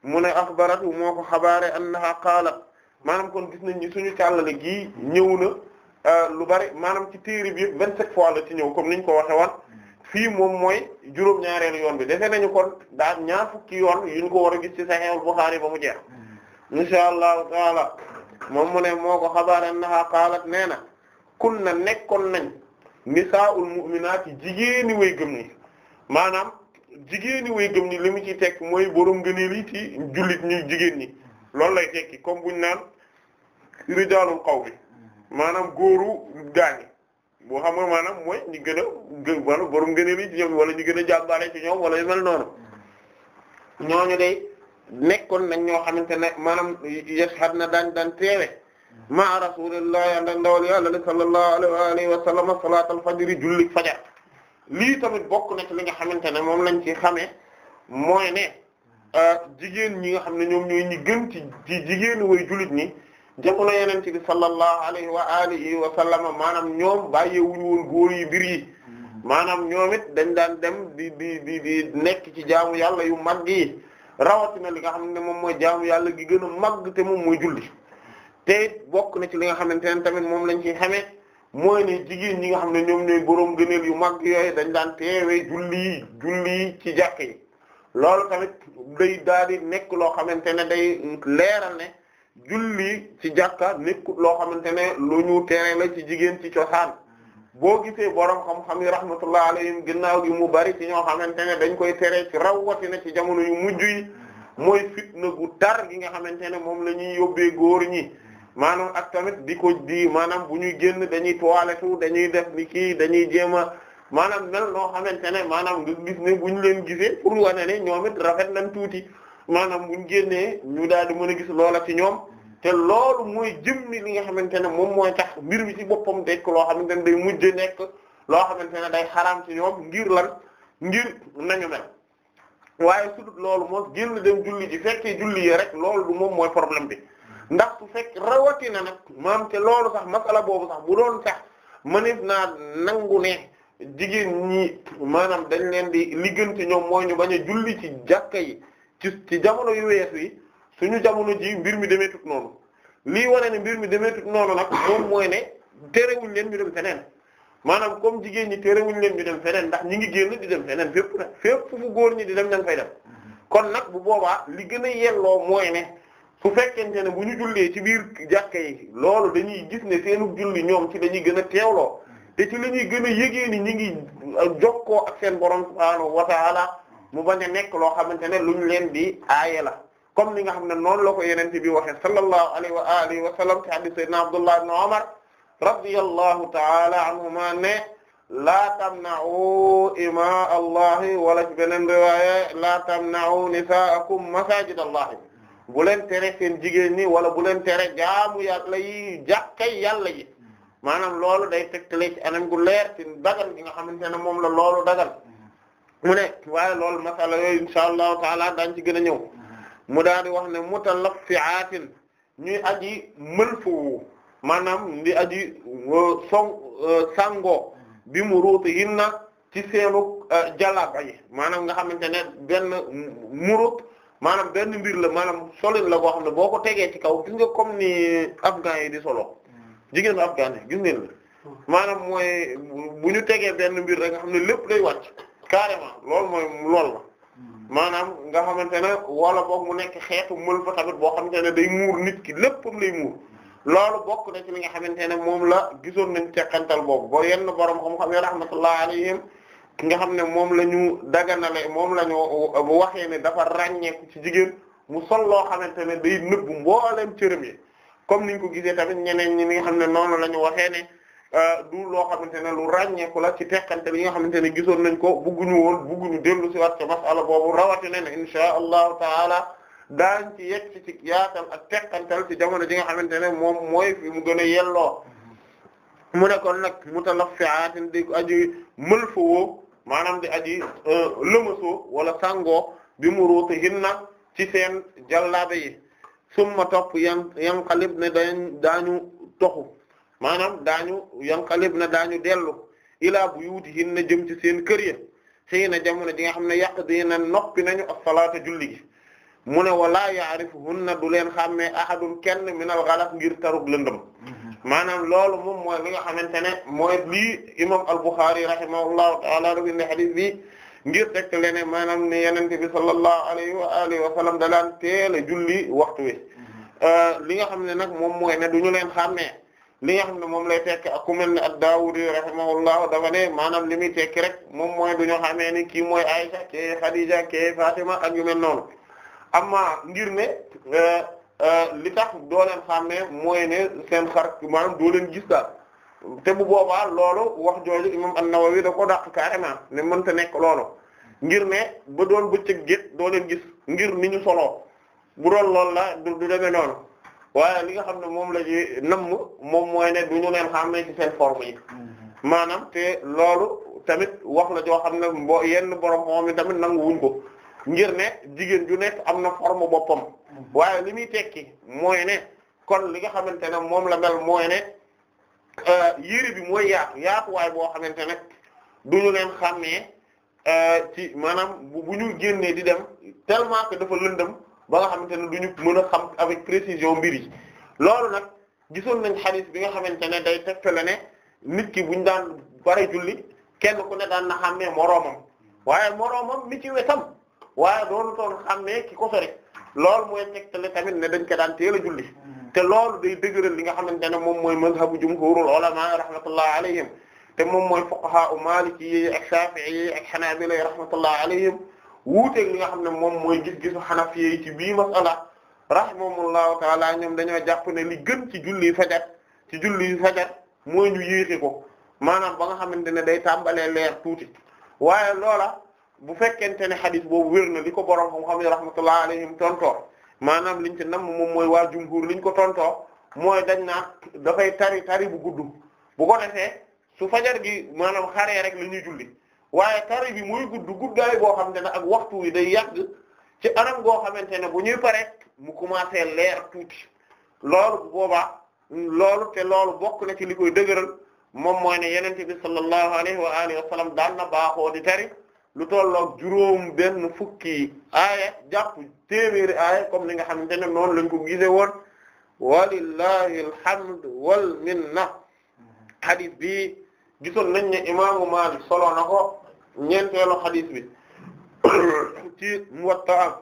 mu ne akhbaratu moo ko xabaare annaha qaalat maanaam kon gis nañ ni suñu càllale gii ñëw na euh, lu bari maanaam ci téere bi yëpp 27 fois la ci ñëw comme niñ ko waxee woon fii moom mooy juróom-ñaareelu yoon bi defe nañu kon daal ñaar fukki yoon yuñ ko war a gis ci Sahih al jeex moom mu ne moo ko xabaar annaha qaalat nee na na nekkoon nañ nisaa'ul mu'minaati jigéeni way gëm ñi maanaam jigéeni way gëm ñi li mu ci tekk mooy boroom gëneel yi ci jullit ñuy jigéen ñi loolu lay tekki comme buñ naan xaw bi maanaam góoru gaañi boo xam nga maanaam mooy ñi gën a wala borom gëneel yi ñoom wala ñu gën a jàmbaare ci ñoom wala yu mel noonu ñooñu day nekkoon nañ ñoo xamante ne maanaam yashhad daañ daan teewe ma rasulillahi ànd ak ndawal yàlla li sallallahu alayhi wa alihi wa sallam salaatal fajri julli fajar lii tamit bokk na ci li nga xamante ne moom lañ ci xamee mooy ne euh, jigéen ñi nga xam ne ñoom ñooy ñi gën ci ci jigéenu way jullit ñi jamono yeneen ci bi sallallahu alayhi wa alihi wa sallam maanaam ñoom bàyyeewuñu woon góor yi biir yi mm-hmm. maanaam ñoom dañ daan dem di di di di nekk ci jaamu yàlla yu mag yi rawatina li nga xam ne moom mooy jaamu yàlla gi gën a màgg te moom mooy julli te bokk na ci li nga xamante ne tamit moom lañ ci xamee mooy ne jigéen ñi nga xam ne ñoom ñooy borom gëneel yu mag yooyu dañ daan teewee julli julli ci jàkk yi loolu tamit day daal di nekk loo xamante ne day leeral ne julli ci jàkka nekkut loo xamante ne lu ñu tere la ci jigéen ci cosaan boo gisee borom xam-xam yi rahmatullah alayhim ginnaaw gi mu bari ci ñoo xamante ne dañ koy tere ci rawatina ci jamono yu mujj yi mooy fitna gu tar gi nga xamante ne moom la ñuy yóbbee góor ñi maanaam ak tamit di ko di maanaam bu ñuy génn dañuy toilette dañuy def ni kii dañuy jéem a maanaam mel noo xamante ne maanaam nga gis ne bu ñu leen gisee pour wane ne ñoom it rafet nan tuuti maanaam bu ñu génnee ñu daal di mën a gis loola ci ñoom. te loolu mooy jëmmi li nga xamante ne moom mooy tax mbir mi ci boppam dekk loo xamante ne dey mujj nekk loo xamante ne day xaraam ci ñoom ngir lan ngir nañu mel waaye su dul loolu moos génn dem julli ji fekkee julli yi rek loolu du moom mooy problème bi ndax su fekk rawatina nag maam te loolu sax masala boobu sax bu doon sax mëneef naa nangu ne jigéen ñi maanaam dañ leen di liggante ñoom mooy ñu bañ a julli ci jàkka yi ci ci jamono yu weesu yi suñu jamono ji mbir mi demee tut noonu lii wane ne mbir mi demee tut noonu nag moom mooy ne terewuñ leen ñu dem feneen maanaam comme jigéen ñi terewuñ leen ñu dem feneen ndax ñi ngi génn di dem feneen fépp nag fépp fu góor ñi di dem ña ngi fay dem kon nag bu boobaa li gën a yelloo mooy ne su fekkente ne bu ñu jullee ci biir jàkka yi loolu dañuy gis ne seenu julli ñoom ci dañuy gën a teewloo te ci la ñuy gën a yëgee ni ñi ngi euh, jokkoo ak seen borom subhaanahu wa mu bañ a nekk loo xamante ne luñ leen di aaye la comme ni nga xam ne noonu la ko yenente bi waxe sallallahu alayhi wa alihi wa sallam ci hadith sayyidina ta'ala anhuma ne laa tamna'u ima allahi wala ci beneen riwaaya laa tamna'u nisa'akum masajid allahi bu leen tere seen jigéen ñi wala bu leen tere jaamu yàlla lay jàkkay yàlla yi maanaam loolu day tegtale ci anam gu leer ci dagan nga xamante ne moom la loolu dagan mu ne waaye loolu masala yooyu insha allahu taala daañ ci gën a ñëw mu daal di wax ne fi mutalaffi'atin ñuy aji mëlfu maanaam di aji euh, son euh, sango bi mu ruutu na ci seenu euh, jalaaba yi maanaam nga xamante ne benn murut maanaam benn mbir la maanaam solin la boo xam ne boo ko tegee ci kaw gis nga comme ni afghan yi di solo jigéenu afghan yi gis ngeen la maanaam mooy bu ñu tegee benn mbir rek nga xam ne lépp day wàcc carrément loolu mooy loolu la maanaam nga xamante ne wala boog mu nekk xeetu mël fa tamit boo xamante ne day muur nit ki léppam lay muur loolu bokk na ci li nga xamante ne moom la gisoon nañ teqantal boobu ba yenn borom xam-xam yi rahmatullah alayhim nga xam ne moom la ñu daganale moom la ñu waxee ne dafa ràññeeku ci jigéen mu sol loo xamante ne day nëbb mbooleem cërëm yi comme niñ ko gisee tamit ñeneen ñi nga xam ne noonu la ñu waxee ne Euh, du loo xamante ne lu ràññeeku la ci tekkante li nga xamante ne gisoon nañ ko bugguñu woon bugguñu dellu ci waat ca masala boobu rawatina ne insha allahu taala daañ ci yegg ci ci yaatal ak tekkantal ci jamono ji nga xamante ne moom mooy fi mu gën a yelloo mu ne kon nag mutalaffi'atin di aji mëlfawoo maanaam di aji euh, lëmasoo wala sangoo bi mu ruutu hinna ci seen jallaabe yi summa topp yan yanqalib ne dañ daañu toxu maanaam daañu yanqalib na daañu dellu ilaa buyuutihin na jëm ci seen kër ya xëy na jamono ji nga xam ne yàq di na noppi nañu as-salaata julli gi mu ne walaa na du leen xàmmee ahadun kenn minal ghalas ngir tarug lëndëm mm-hmm. maanaam loolu moom mooy li nga xamante ne mooy lii imam al-Bukhari rahimahullahu ta'ala dafa indi hadith bi ngir teg lene maanaam ne yonent bi sallallahu alayhi wa alihi wa sallam da daan teel a julli waxtu wi mm-hmm. euh, li nga xam ne nag moom mooy du ñu leen xàmmee li nga xam ne moom lay tekki ak ku mel ne ad-Dawudi rahimahullahu dafa ne maanaam li muy tekki rek moom mooy du ñoo xamee ni kii mooy Aisha kee Khadija kee Fatima ak yu mel noonu amma ngir ne euh, euh, li tax doo leen xàmmee mooy ne seen xar maanaam doo leen gis daal te bu boobaa loolu wax jooju imam an-Nawawi da ko dàq carrément ne mënta nekk loolu ngir ne ba doon bëccëg gét doo leen gis ngir ni ñu soloo bu doon loolu la du demee noonu waaye li nga xam ne moom la ñuy nam moom mooy ne du ñu leen xàmmee ci seen forme yi mm-hmm. maanaam te loolu tamit wax la joo xam ne mbo yenn borom moom yi tamit nangu wuñ ko ngir ne jigéen ju nekk am na forme boppam mm-hmm. waaye li muy tekki mooy ne kon li nga xamante ne moom la mel mooy ne euh, yére bi mooy yaatu yaatuwaay boo xamante ne du ñu leen xàmmee euh, ci maanaam bu ñu génnee di dem tellement que dafa lëndëm ba nga xamante ne du ñu mën xam avec précision mbir loolu nag gisoon nañ xadis bi nga xamante ne day tegtale ne nit ki buñ daan bare julli kenn ku ne daan na xàmmee moroomam waaye moroomam mi ci wetam waaye doonu toon xàmmee ki ko sori loolu mooy tegtale tamit ne dañ ko daan julli te loolu day dëgëral li nga xamante ne moom mooy mazhabu jumhurul ulama rahmatullah alayhim te moom mooy fuqaha u maliki yi ak shafi'i yi ak hanabila rahmatullah alayhim wuuteeg li nga xam ne moom mooy gis-gisu xanafi yi ci bii masala rahimahumullahu taala ñoom dañoo jàpp ne li gën ci julli fajar ci julli fajar mooy ñu yéexi ko maanaam ba nga xamante ne day tàmbalee leer tuuti waaye loola bu fekkente ne xadis boobu wér na li ko borom xam-xam yi rahmatullah alayhim tontoo maanaam liñ ci nam moom mooy waa jumhur liñ ko tontoo mooy dañ naa dafay tari tari bu gudd bu ko defee su fajar gi maanaam xaree rek la ñuy julli waaye tari bi muy gudd guddaay boo xam te ne ak waxtu wi day yàgg ci anam goo xamante ne bu ñuy pare mu commencé leer tuuti loolu bu loolu te loolu bokk na ci li koy dëgëral moom mooy ne yenente bi sallallahu alayhi wa alihi wa sallam daan na baaxoo di tari lu tollook juróom benn fukki aaya jàpp téeméeri aaya comme ni nga xamante ne noonu lañ ko gise woon walillahi alhamd wal minna hadith bi gisoon nañ ne imaamu Maalik solo na ko ñeenteelu xadis mi ci Muwatta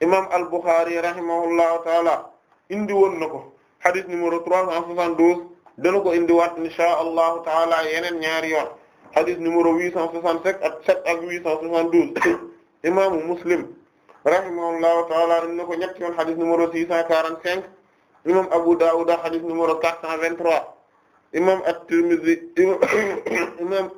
imam al-Bukhari rahimahullahu taala indi woon na ko xadis numéro 372 dana ko indiwaat inshaa allahu taala yeneen ñaari yoon xadis numéro 867 ak 7 ak 872 imaamu Muslim rahimahullahu taala indi na ko ñetti yoon xadis numéro 645 imam Abu Dawud xadis numéro 423 imam at-Tirmidhi imam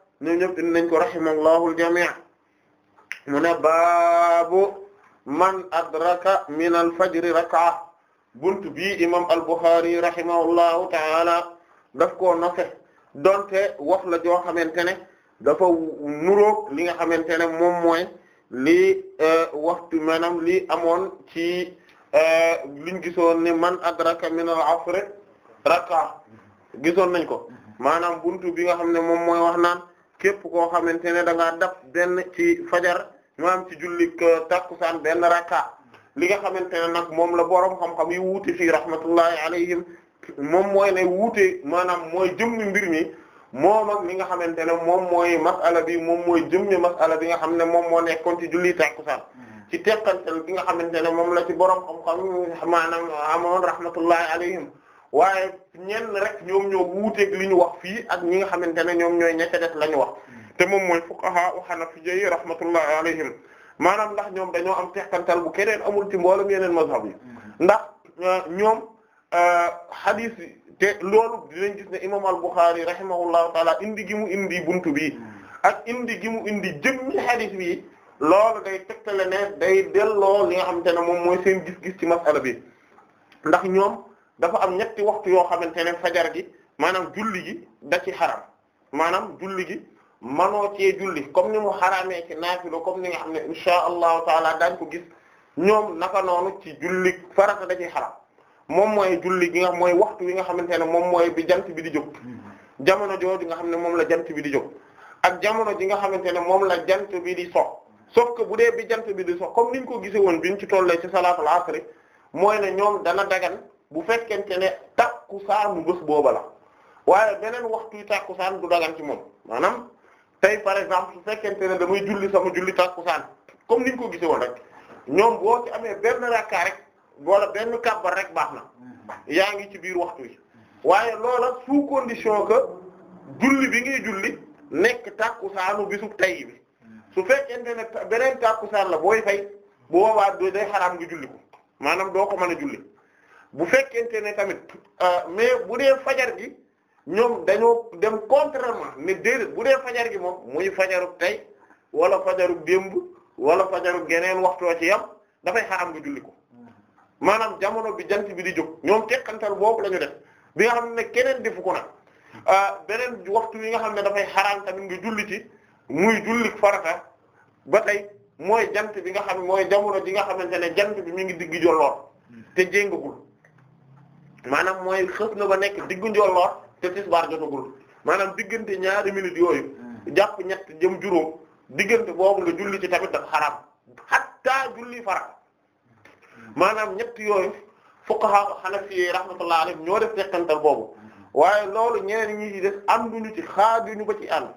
ñoom ñëpp indi nañ ko rahimallahu al-jami' mu ne baabu man adraka min al-fajri rak'a bunt bii imam al-Bukhari rahimahullahu ta'ala daf koo nofe donte wax la joo xamante ne dafa nuroog li nga xamante ne moom mooy lii euh, waxtu maanaam lii amoon ci euh, liñ gisoon ne man adraka min al-'asr rak'a gisoon nañ ko maanaam bunt bi nga xam ne moom mooy wax naan képp koo xamante ne da ngaa daf benn ci fajar maanaam ci julli takkusaan benn rakka li nga xamante ne nag moom la borom xam-xam yi wuute fii rahmatullahi alayhim moom mooy ne wuute maanaam mooy jëmmi mbir mi moom ak nga xamante ne moom mooy mas'ala bi moom mooy jëmmi mas'ala bi nga xam ne moom moo nekkoon ci julli takkusaan mm-hmm. ci teqantal bi nga xamante ne moom la ci borom xam-xam maanaam amoon rahmatullahi alayhim waaye ñenn rek ñoom ñoo li ñu wax fii ak ñi nga xamante ne ñoom ñooy ñette des wax te moom mooy fuqaha wa hanafiyya yi rahmatullahi alayhim maanaam ndax ñoom dañoo am teqantal bu keneen amul ci mboolem yeneen mazhab yi ndax euh, ñoom euh, hadith loolu dinañ gis ne imam al-Bukhari rahimahullahu taala indi gi mu indi buntu bi ak indi gi mu indi jëmmi hadith bi loolu day tegtale ne day delloo li nga xamante ne moom mooy seen gis-gis ci masala bi ndax ñoom dafa am ñetti waxtu yoo xamante ne fajar gi maanaam julli gi da ci xaram maanaam julli gi manoo cee julli comme ni mu xaramee ci naafilo comme ni nga xam ne insha allahu taala daañ ko gis ñoom naka noonu ci julli farata da ciy xaram moom mooy julli gi nga mooy waxtu wi nga xamante ne moom mooy bi jant bi di jóg jamono jooju nga xam ne moom la jant bi di jóg ak jamono ji nga xamante ne moom la jant bi di sox sauf bu dee bi jant bi di sox comme niñ ko gisee woon biñ ci tollee ci salaatul asr mooy ne ñoom dana dagan bu fekkente ne takkusaanu bës booba la waaye beneen waxtuy takkusaan du dagan ci moom maanaam tey par exemple su fekkente ne damay julli sama julli takkusaan comme niñ ko gisee woon rek ñoom boo ci amee benn rakka rek wala benn kàbbar rek baax na yaa ngi ci biir waxtu yi waaye loola su condition que julli bi ngay julli nekk takkusaanu bisu tey bi su fekkente ne beneen takkusaan la booy fay bu boobaa day xaraam nga julli ko maanaam doo ko mën a bu fekkente ne tamit euh, mais bu dee fajar gi ñoom dañoo dem contrairement ne déedéet bu dee fajar gi moom muy fajarub tey wala fajarub démb wala fajarub geneen waxtoo ci yam dafay xaram nga julli ko maanaam jamono bi jant bi di jóg ñoom tekkantal boobu la ñu bi nga xam ne keneen defu ko nag euh, beneen waxtu wi nga xam ne dafay xaram tamit nga julli ci muy julli farata ba tey mooy jant bi nga xam mooy jamono ji nga xamante ne jant bi mu ngi digg jolloor te jéngagul maanaam mooy xës na ba nekk diggu njolloor te tisbaar jotagul maanaam diggante ñaari minutes yooyu hmm. jàpp ñett jëm juróom diggante boobu nga julli ci tamit dafa xaraam hatta julli farat hmm. maanaam ñett yooyu fuqaha hanafi rahmatullahi alayhim ñoo def tekkantal boobu hmm. waaye loolu ñeneen ñi ci def anduñu ci xaajuñu ba ci ànd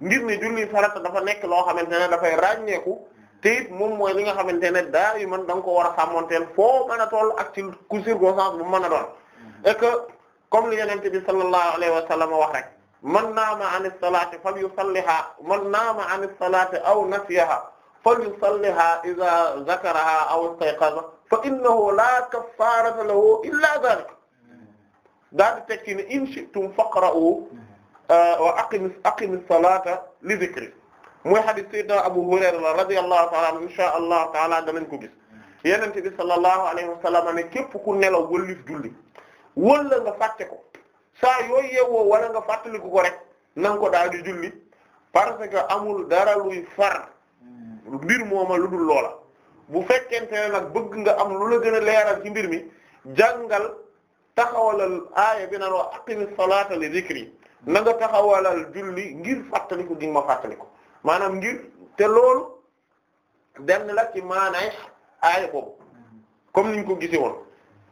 ngir ne julli farata dafa nekk loo xamante ne dafay ràññeeku te moom mooy li nga xamante ne daa yi man danga ko war a sàmmoonteel foo mën a toll ak ci circonstance bu mën a doon et que comme li yenente bi sallallahu alayhi wa sallam wax rek man naama an salaati fal yusalliha man naama an salaati aw nasiyaha fal yusalliha idha zakaraha aw istayqaza fa innahu la kaffarata lahu illa dhalik daa di tekki ne in shi'tum faqra'u uh, wa aqimi aqimi salata li dhikri mooy hadith sayyidina Abu Hurayra radiyallahu ta'ala anhu insha Allah ta'ala danañ ko gis yenente bi sallallahu alayhi wa sallam ne képp ku nelaw wëlif julli walla nga fàtte ko saa yooyu yeewoo wala nga fàttaliku ko rek na ko daal di julli parce que amul dara luy far mbir mooma lu dul loola bu fekkente ne nag bëgg nga am lu la gën a leeral ci mbir mi jàngal taxawalal aaya bi naan wa aqimi salata li dhikri na nga taxawalal julli ngir fàttaliku di ma ko maanaam ngir te loolu benn la ci maanaay aaya boobu comme niñ ko gisee woon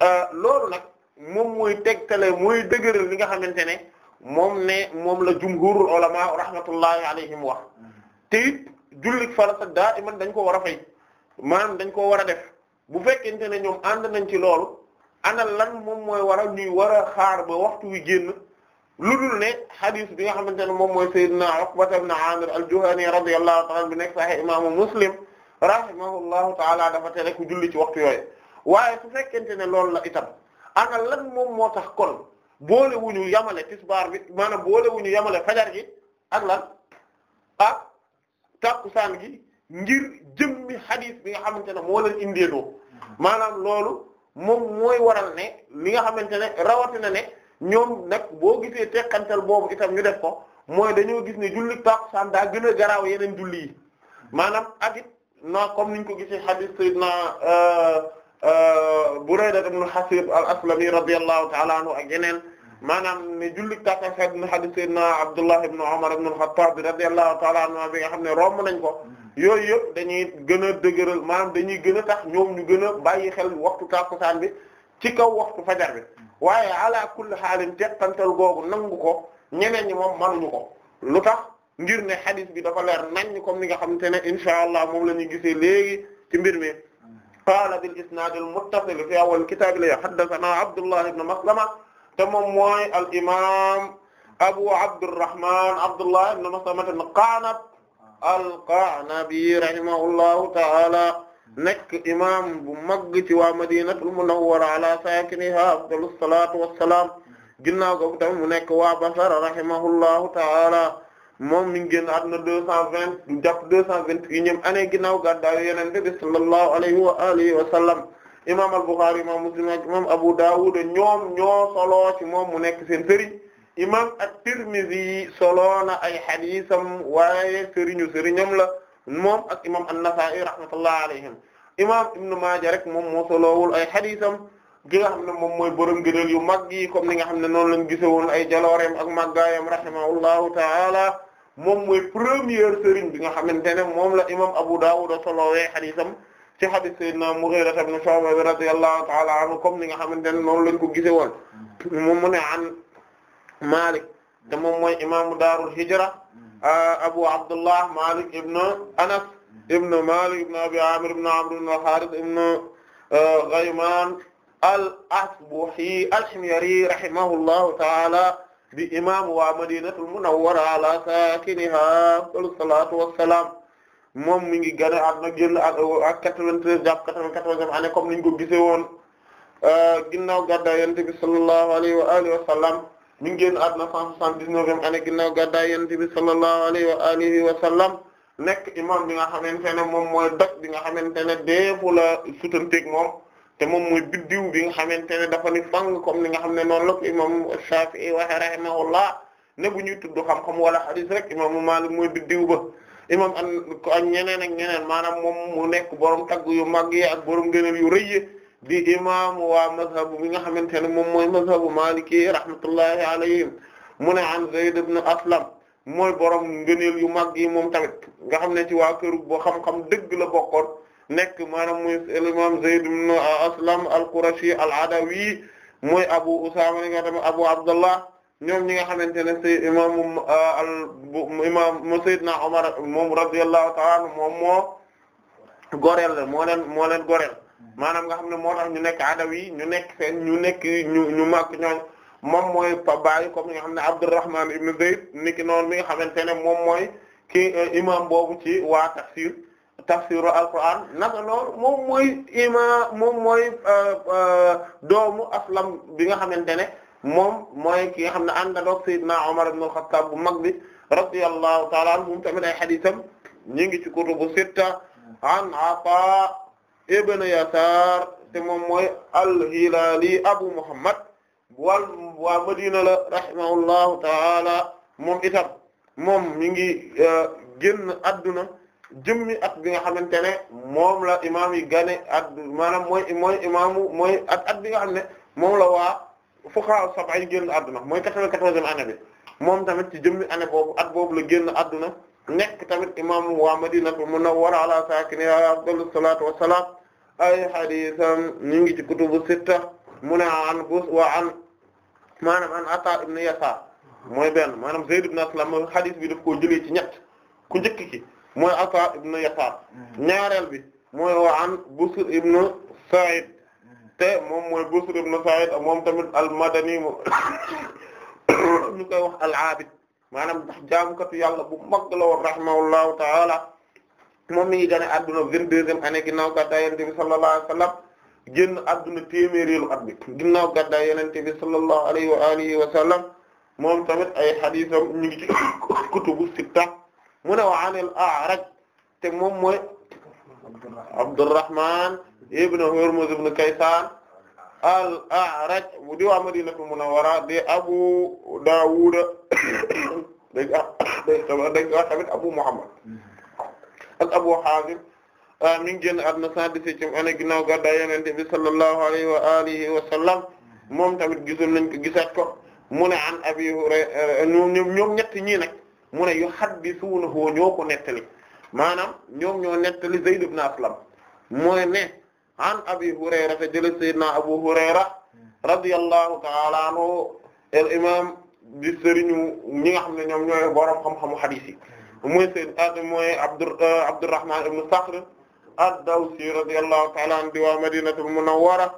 euh, loolu nag. moom mooy tegtale mooy dëgëral li nga xamante ne moom ne moom la jumhurul ulama rahmatullahi alayhim wax te it jullit farata daa man dañ ko war a fay maanaam dañ ko war a def bu fekkente ne ñoom ànd nañ ci loolu ana lan moom mooy waral ñuy war a xaar ba waxtu wi génn lu dul ne hadith bi nga xamante ne moom mooy sayyidina Uqbata ibn Amir al-Juhani radiyallahu ta'ala bi nekk sahih imaamu Muslim rahimahullahu ta'ala dafa tere ku julli ci waxtu yooyu waaye su fekkente ne loolu la itam. ana lan moom moo tax kon boole wu yamale tisbaar bi maanaam boole wu ñu yamale fajar gi ak a ak ah tàkkusaan gi ngir jëmmi hadith bi nga xamante ne moo leen indeedoo mm-hmm. maanaam loolu moom mooy waral ne li nga xamante ne rawatina ne ñoom nag boo gisee tekkantal boobu itam ñu def ko mooy dañoo gis ne julli tàkkusaan daa gën garaaw yeneen julli yi mm-hmm. maanaam agit it na comme niñ ko gisee hadith na Euh, Burayda ibn Hasib al-Aslami radiyallahu ta'ala anhu ak yeneen maanaam ne jullit tàkkaay na hadith Seydina Abdullah ibn Umar ibn al-Khattab radiyallahu ta'ala anhu bi nga xam ne romb nañ ko yooyu yëpp dañuy gën a dëgëral maanaam dañuy gën a tax ñoom ñu gën a bàyyi xel waxtu tàkkusaan bi ci kaw waxtu fajar bi waaye ala kulli xaalin teqantal googu nangu ko ñeneen ñi moom mënuñu ko lu tax ngir ne hadith bi dafa leer nañ comme ni nga xamante ne incha allah moom la ñuy gisee léegi ci mbir mi. qaala bil isnaad al muttasil fi awwal kitaab li haddathanaa Abdullah ibn Maslama te moom mooy al imaam Abu Abdurrahman Abdullah ibn Maslama al-Qa'nab al-Qa'nabi rahimahullahu ta'ala nekk imaam bu mag ci waa Madinatul Munawwara ala saakinihaa afdalus salaatu wassalaam ginnaaw ga mu nekk waa Basra rahimahullahu ta'ala moom mi ngi génn àdduna deux cent vingt du jàpp deux cent vingt yi ñoom année ginnaaw gàddaayu Yonent bi sallallahu alayhi wa alihi wa sallam imam al-Bukhari imam Muslim ak Abu Dawud ñoom ñoo solo ci moom mu nekk seen sëriñ imam at-Tirmidhi solo na ay xadiisam waaye sëriñu sëriñam la moom ak imam an-Nasa'i rahmatullah alayhim imam Ibn Maaja rek moom moo solowul ay xadiisam gi nga xam ne moom mooy borom gënal yu mag yi comme ni nga xam ne noonu lañ gisewoon ay jalooreem ak màggaayam rahimahullahu ta'ala moom mooy première sëriñ bi nga xamante ne moom la imam Abu Dawud solowee xadisam ci xadis sayyidina Mughira ibn Shu'ba bi radiyallahu ta'ala anhu comme ni nga xamante ne noonu lañ ko gise woon moom mu ne an Malik te moom mooy imaamu daarul hijra Abu Abdullah Malik ibn Anas ibn Malik ibn Abi Amir ibn Amr ibn al-Harith ibn uh, Ghayman al-Asbahi al-Himyari rahimahullahu ta'ala di imam waa madinatul munawwara ala saakiniha salaatu wassalaam moom mu ngi gane at na génn at ak quatre-vingt-treize quatre-vingt-quatorzième année comme niñ ko gise woon euh, ginnaaw gàddaay yonent bi sallallahu alayhi wa alihi wa sallam mi ngi na cent soixante-dix-neuvième année ginnaaw gàddaay yonent bi alayhi wa alihi wa nekk imam bi nga xamante ne moom mooy dog bi nga xamante ne deefu la sutanteeg moom te moom mooy biddiw bi nga xamante ne dafa ni fang comme ni nga xam ne noonu la ko imam Shafi'i wa rahimahullah ne bu ñuy tudd xam-xam wala hadith rek imam Malik mooy biddiw ba imam ak ñeneen ak ñeneen maanaam moom mu nekk borom tagg yu màgg yi ak borom gënal yu rëy di imam waa mazhabu bi nga xamante ne moom mooy mazhabu Maliki rahmatullahi alayhim mu ne an Zayd ibn Aslam mooy borom ngëneel yu màgg yi moom tamit nga xam ne ci waa këru boo xam-xam dëgg la bokkoon nekk maanaam muy imam Zayd ibn Aslam al-Qurashi al-Adawi muy Abu Usama li nga xam ne Abu Abdullah ñi nga xamante ne sayyid imam uh, al imam sayyidna Umar moom radiyallahu ta'ala anhu moom moo goreel la moo leen moo leen goreel maanaam nga xam ne moo tax ñu nekk Adawi ñu nekk seen ñu nekk ñu ñu màgg ñoom moom mooy baay comme nga xam ne Abdurrahman ibn Zayd niki noonu mi nga xamante ne moom mooy ki uh, imam boobu ci waa tafsir tafsiru alquran naka noonu moom mooy ima moom mooy euh, euh, doomu aslam bi nga xamante ne moom mooy ki nga xam ne àndandoog Seydina Omar ibn al-Khattab bu mag bi ta'ala anhu moom tamit ay xadiisam ñi ci kutubu sitta an Ata ibn Yasar te moom mooy al-Hilali Abu Muhammad waa Madina la ta'ala moom itam moom mi ngi adduna euh, jëmmi at bi nga xamante ne moom la imaam yi gane at maanaam mooy mooy imaamu mooy at bi nga xam ne moom la waa fuqaha sab'a yi génn àdduna mooy quatre vingt moom tamit ci jëmmi année boobu at boobu la génn àdduna nekk tamit imaamu waa Madinatul Munawwara ala saakinihaa afdalu salaatu wa salaam ay hadiisam ñu ngi ci kutubu sitta mu ne an bus wa an maanaam an Ataa ibn Yasaar mooy benn maanam Zayd ibn Aslam hadiis bi daf koo jëlee ci ñett ku njëkk ki mooy Ataa ibn Yasaar ñaareel bi mooy wa an Busr ibn Sa'id te moom mooy Busr ibn Sa'id moom tamit al-Madani moom ñu koy wax al-Abid maanaam ndax jaamukatu yàlla bu mag la woon rahimahullahu ta'ala moom mi ngi gane adduna vingt-deuxième année ginnaaw gàddaay Yonent bi sallallahu alayhi wa sallam génn adduna téeméeréelu at bi ginnaaw gàddaay Yonent bi sallallahu alayhi wa alihi moom tamit ay hadiisam ñu ngi sitta mu ne wa anil a'raj te moom mooy Abdurrahman ibn Hurmuz ibn Kaysan al a'raj di waa Madinatul Munawwara di Abu Dawud dégg nga dégg nga tamit Abu Muhammad ak Abu Hazim ah, mi ngi génn àdduna 117 ane ginnaaw gàddaay Yonent bi sallallahu alayhi wa alihi wa sallam moom tamit gisoon nañ ko gisaat ko mu ne an Abi Hurayra ñoom ñoom ñett ñii mu ne yu haddisuunahu ñoo ko nettali maanaam ñoom ñoo nettali Zayd ibn Aslam mooy ne an Abi Hurayra te jële Seydina Abu Hurayra radiyallahu ta'ala anhu al imam di sëriñu ñi nga xam ne ñoom ñooy borom xam-xamu hadith yi mooy Seydina mooy Abdu eh, Abdurrahman ibn Sakhr ad-Dawsi radiyallahu ta'ala anhu di waa Madinatul Munawwara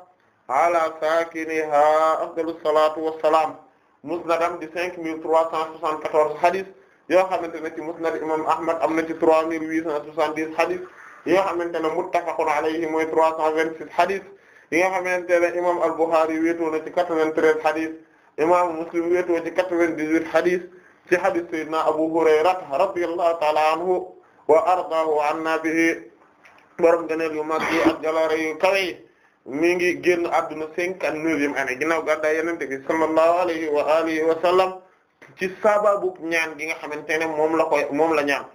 ala sakiniha afdalu salatu wassalam musnadam di cinq mille trois cent soixante-quatorze hadith yoo xamante ne ci musnad imam ahmad am na ci trois mille huit cent soixante-dix hadith yi nga xamante ne muttafaqun alayhi mooy trois cent vingt-six hadith yi nga xamante ne imam al-Bukhari wéetoo na ci quatre-vingt-treize hadith imam Muslim wéetoo ci quatre-vingt-dix-huit hadith ci hadith sayyidina Abu Hurayra radiyallahu ta'ala anhu wa ardaahu anna bihi borom gëneel yu mag yi ak jaloore yu kawe yi mi ngi génn adduna cinquante-neuvième année ginnaaw gàddaay Yonent bi sallallahu alayhi wa alihi wa sallam ci sababu ñaan gi nga xamante ne moom la koy moom la ñaan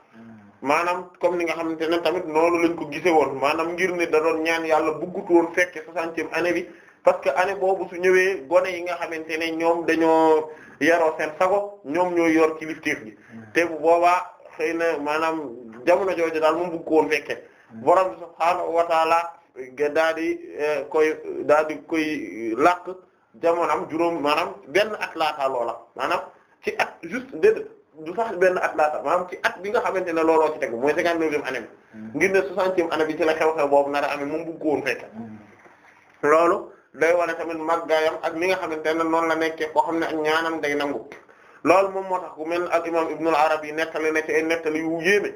maanaam comme ni nga xamante ne tamit noonu lañ ko gise woon maanaam ngir ne da doon ñaan yàlla buggut woon fekke soixantième année bi parce que année boobu su ñëwee gone yi nga xamante ne ñoom dañoo yaroo seen sago ñoom ñooy yor kilifteef gi te bu boobaa xëy na maanaam jamono jooju daal moom bugg ko woon fekke borom bi subhaanahu wa taala daa di eh, koy daa di koy làq jamonoom juróom maanaam benn at laataa loola maanaam ci at juste déedéet du sax benn at laata maanaam ci at bi nga xamante ne looloo ci tegu mooy cinquante-neuvième année bi ngir ne soixantième année bi ci la xew-xew boobu nar a amee moom bëgg ko fekk loolu day wane tamit màggaayam ak li nga xamante ne noonu la nekkee koo xam ne ak ñaanam day nangu loolu moom moo tax ku mel al imam Ibn al Arabi yi nettali ci ay nettali yu yéeme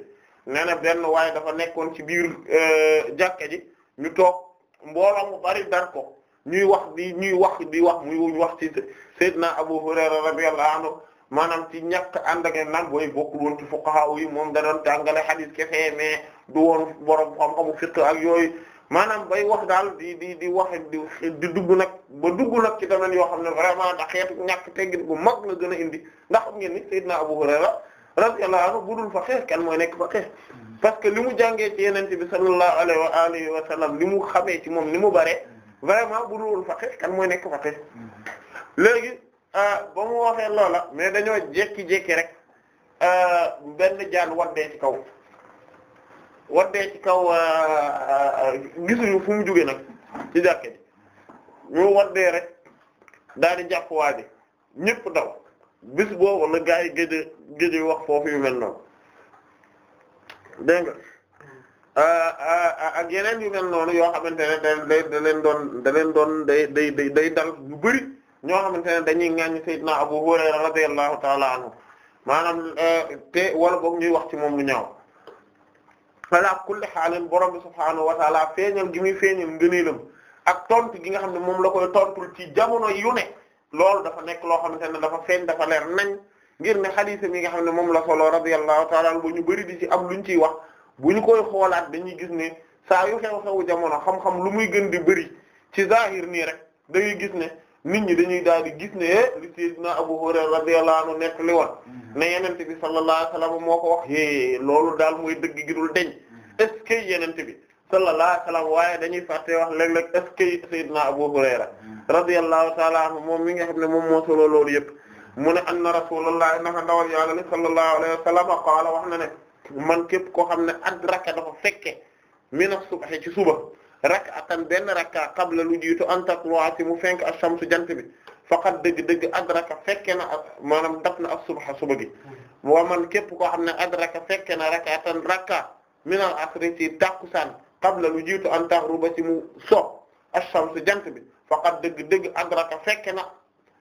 nee na benn waaye dafa nekkoon ci biir euh, jàkka ji ñu toog mbooloo mu bari dar ko ñuy wax di ñuy wax di wax muy wax ci Seydina Abu Hurayra radiyallahu anhu maanaam ci ñàkk ànd ak nag booy bokkul woon ci fuqaha yi moom da doon jàngale hadith kese mais du woon borom xam-xamu fiqh ak yooyu maanaam bay wax daal di di di wax di di dugg nag ba dugg nag ci domaine yoo xam ne vraiment xeet xeetu ñàkk teggin bu mag la gën a indi ndax xam ngeen ni na Abu Hurayra radiyallahu anhu budul faqih kenn mooy nekk faqih parce que li mu jàngee ci yenente bi sallallahu alayhi wa alihi wa sallam li mu xamee ci moom ni mu bare vraiment budul faqih kan mooy nekk faqih léegi Euh, ba mu waxee loola mais dañoo jékki-jékki rek euh, benn jaan waddee ci kaw waddee ci kaw euh, gisuñu fu mu nag ci jàkke ji ñu waddee rek daal di jàpp waa ji ñëpp daw bis boobu la gaa yi wax foofu yu mel noonu dégg nga ak yeneen yu mel noonu yoo xamante ne da da doon da doon day day day day dal lu bari ñoo xamante ne dañuy ŋaññi Seydina Abu Hurayra radiyallahu ta'ala anhu maanaam euh, te wala boog ñuy wax ci moom lu ñaaw ala kulli xaalin borom bi subhaanahu wa ta'ala feeñal gi muy feeñal ngëneelam ak tontu gi nga xam ne moom la koy tontul ci jamono yu ne loolu dafa nekk loo xamante ne dafa feeñ dafa leer nañ ngir ne xaliisam yi nga xam ne moom la solo radiyallahu ta'ala anhu bu ñu bëri di ci am luñ ciy wax bu ñu koy xoolaat dañuy gis ne saa yu xew-xewu jamono xam-xam lu muy gën di bari ci zahir nii rek da ngay gis nit ñi dañuy daal di gis ne li sayyidina Abu Hurayra radiyallahu anhu nekk li woon mm-hmm. ne yenente bi sallallahu alayhi wasallam moo ko wax loolu daal mooy dëgg gi dul deñ mm-hmm. est ce que yenente bi sallallahu alayhi waaye dañuy fàtte wax léeg-léeg est ce que sayyidina Abu Hurayra mm-hmm. radiyallahu ta'ala anhu moom mi nga xam ne moom moo solo loolu yëpp mu ne anna rasulullah naka ndawal yàlla li sallallahu a wasallam a wax na ne man képp koo xam ne adraka dafa fekke mina subhi ci suba rak'atan benn rakka qabla lu jiitu an tatlu'a si mu fenk ash-shamsu jant bi faqad dëgg-dëgg adraka fekke na maanaam daf na as-subha suba gi wa man képp koo xam ne adraka fekke na rak'atan rakka min al-asri ci tàkkusaan qabla lu jiitu an taghruba si mu so ash-shamsu jant bi faqad dëgg-dëgg adraka fekke na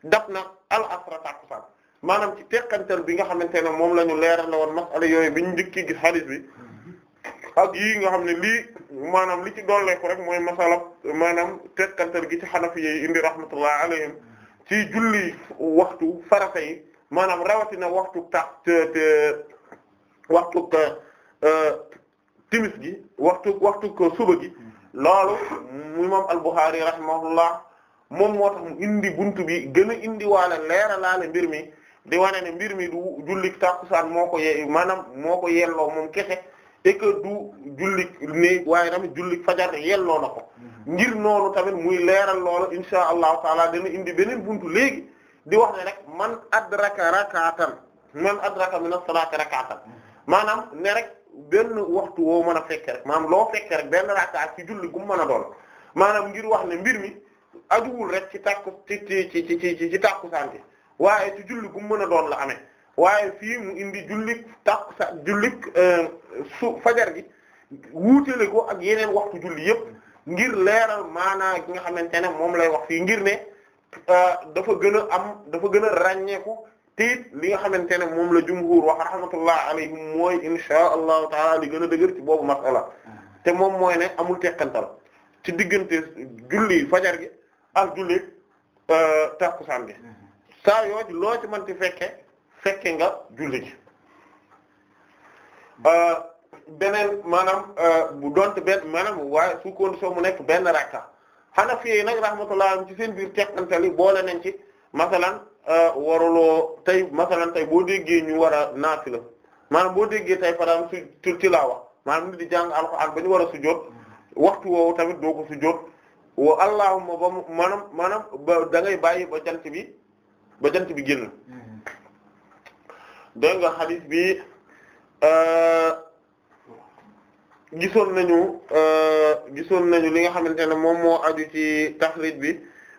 daf na al-asra tàkkusaan maanaam ci teqantal bi nga xamante ne moom la ñu leeral la woon masala yooyu bi ñu njëkki gis hadith bi ak yii nga xam ne lii maanaam li ci dolleeku rek mooy masala maanaam tekkantal gi ci xanafi yi indi rahmatullah alayhim ci julli waxtu farata yi maanaam rawatina waxtu tax te euh, timis gi waxtu waxtu suba gi loolu imam al-Bukhari moom moo indi buntu bi gën a indi waale leeralaale mbir mi di wane ne mbir mi du julli tàkkusaan moo ko maanaam moo ko yelloo moom kese et que du jullik ni waaye tamit jullik fajar loo na ko mhm. ngir noonu tamit muy leeral loolu insha allahu taala dana indi beneen buntu léegi di wax ne rek man adraka rakatan man adraka min as-salati rakatan mhm. maanaam ne rek benn waxtu woo mën a fekke rek maanaam loo fekke rek benn rakaat ci julli gu mu mën a doon maanaam ngir wax ne mbir mi ajuwul rek ci tàkku ci ci ci ci ci ci tàkku santi waaye ci julli gu mu mën a doon la amee waaye fii indi jullik tàq sa jullik euh, su fajar gi wuutale ko ak yeneen waxtu julli yépp ngir leeral maanaa gi nga xamante ne moom lay wax fii ngir ne euh, dafa gën a am dafa gën a ràññeeku te li nga xamante ne moom la jumhur wax rahmatullah alayhim mooy inshaa allahu taala li gën a dëgër ci boobu masala te moom mooy ne amul teqantal ci diggante julli fajar gi ak julli euh, tàkkusaan gi saa yoo ci loo ci mën ti fekke fekke nga jullit gi beneen maanaam euh, bu donte benn maanaam waaye su condition mu nekk benn rakka Hanafi yi nag rahmatullah ci seen biir teqantali boole nañ ci masalan euh, waruloo tey masalan tey boo déggee ñu war a naafila maanaam boo déggee tey par exemple su tilaawa maanaam di jàng alxuraan ba ñu war a sujjóot waxtu woowu tamit doo ko sujjóot wa allahumma ba mu maanaam maanaam ba da bàyyi ba jant bi ba jant bi génn. dégg nga bi euh, gisoon nañu euh, gisoon nañu li nga xamante ne moom moo aju ci taxrij bi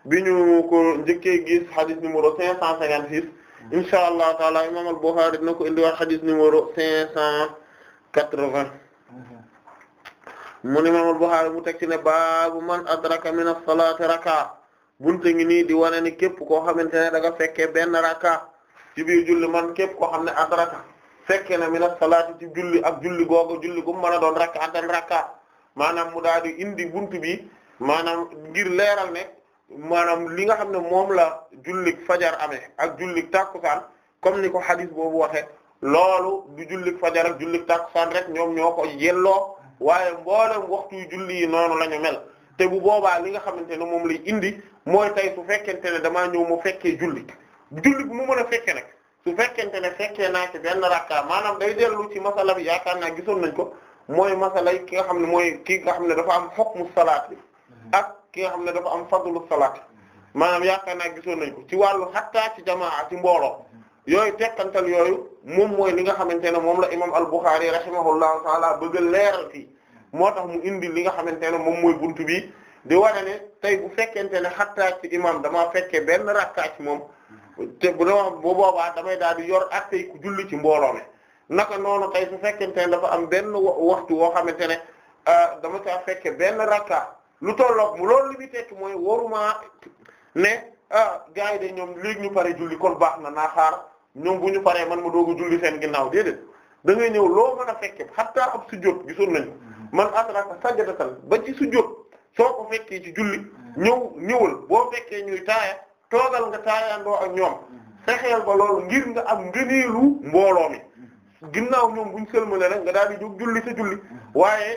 bi ñu ko njëkkee gis xadis numéro cinq cent cinquante six insha allah taala imam al Bukhari dina ko indiwaat xadis numéro cinq cent quatre vingt mu ne imam al mu teg ne baabu man adraka min as raka bunte ngi nii di wane ni képp koo xamante ne da nga fekkee benn raka ci biir julli man képp koo xam ne adraka fekke na mina salaati ci julli ak julli googu julli gu mu mën a doon rakkaatan rakka maanaam mu daal di indi buntu bi maanaam ngir leeral ne maanaam li nga xam ne moom la jullik fajar amee ak jullik tàkkusaan comme ni ko hadith boobu waxe loolu du jullik fajar ak jullik tàkkusaan rek ñoom ñoo ko yelloo waaye mboolem waxtu julli yi noonu la ñu mel te bu boobaa li nga xamante ne moom lay indi mooy tey su fekkente ne damaa ñëw mu fekkee julli julli bu mu mën a fekkee nag su fekkente ne fekkee naa ci benn rakka maanaam day dellu ci masala bi yaakaar naa gisoon nañ ko mooy masala yi ki nga xam ne mooy ki nga xam ne dafa am hukmu salaat bi ak ki nga xam ne dafa am fadlu salaat maanaam yaakaar naa gisoon nañ ko ci wàllu xataa ci jamaa ci mbooloo yooyu tekkantal yooyu moom mooy li nga xamante ne moom la imam al-Bukhari rahimahullahu taala bëgg a leeral fii moo tax mu indi li nga xamante ne moom mooy buntu bi di wane ne tey bu fekkente ne xattaa ci imam damaa fekkee benn rakka ci moom te bu doon moo boobaa damay daal di yor ak tey ku julli ci mbooloo mi naka noonu tey su fekkente ne dafa am benn waxtu woo xamante ne euh, dama caa fekke benn rakka lu tolloog mu loolu li muy tekki mooy waruma ne ah gars yi de ñoom léegi ñu pare julli kon baax na naa xaar ñoom bu ñu paree man ma doogu julli seen ginnaaw déedéet da ngay ñëw loo mën a fekke hatta ab sujjóot gisoon nañu mm-hmm. man asraka sajjadatan ba ci sujjóot soo ko fekkee ci julli mm-hmm. ñëw ñëwal boo fekkee ñuy taaya toogal nga taayaandoo ak ñoom fexeel ba loolu ngir nga am ngëneelu mbooloo mi ginnaaw ñoom buñ sëlmale rek nga daal di jóg julli sa julli waaye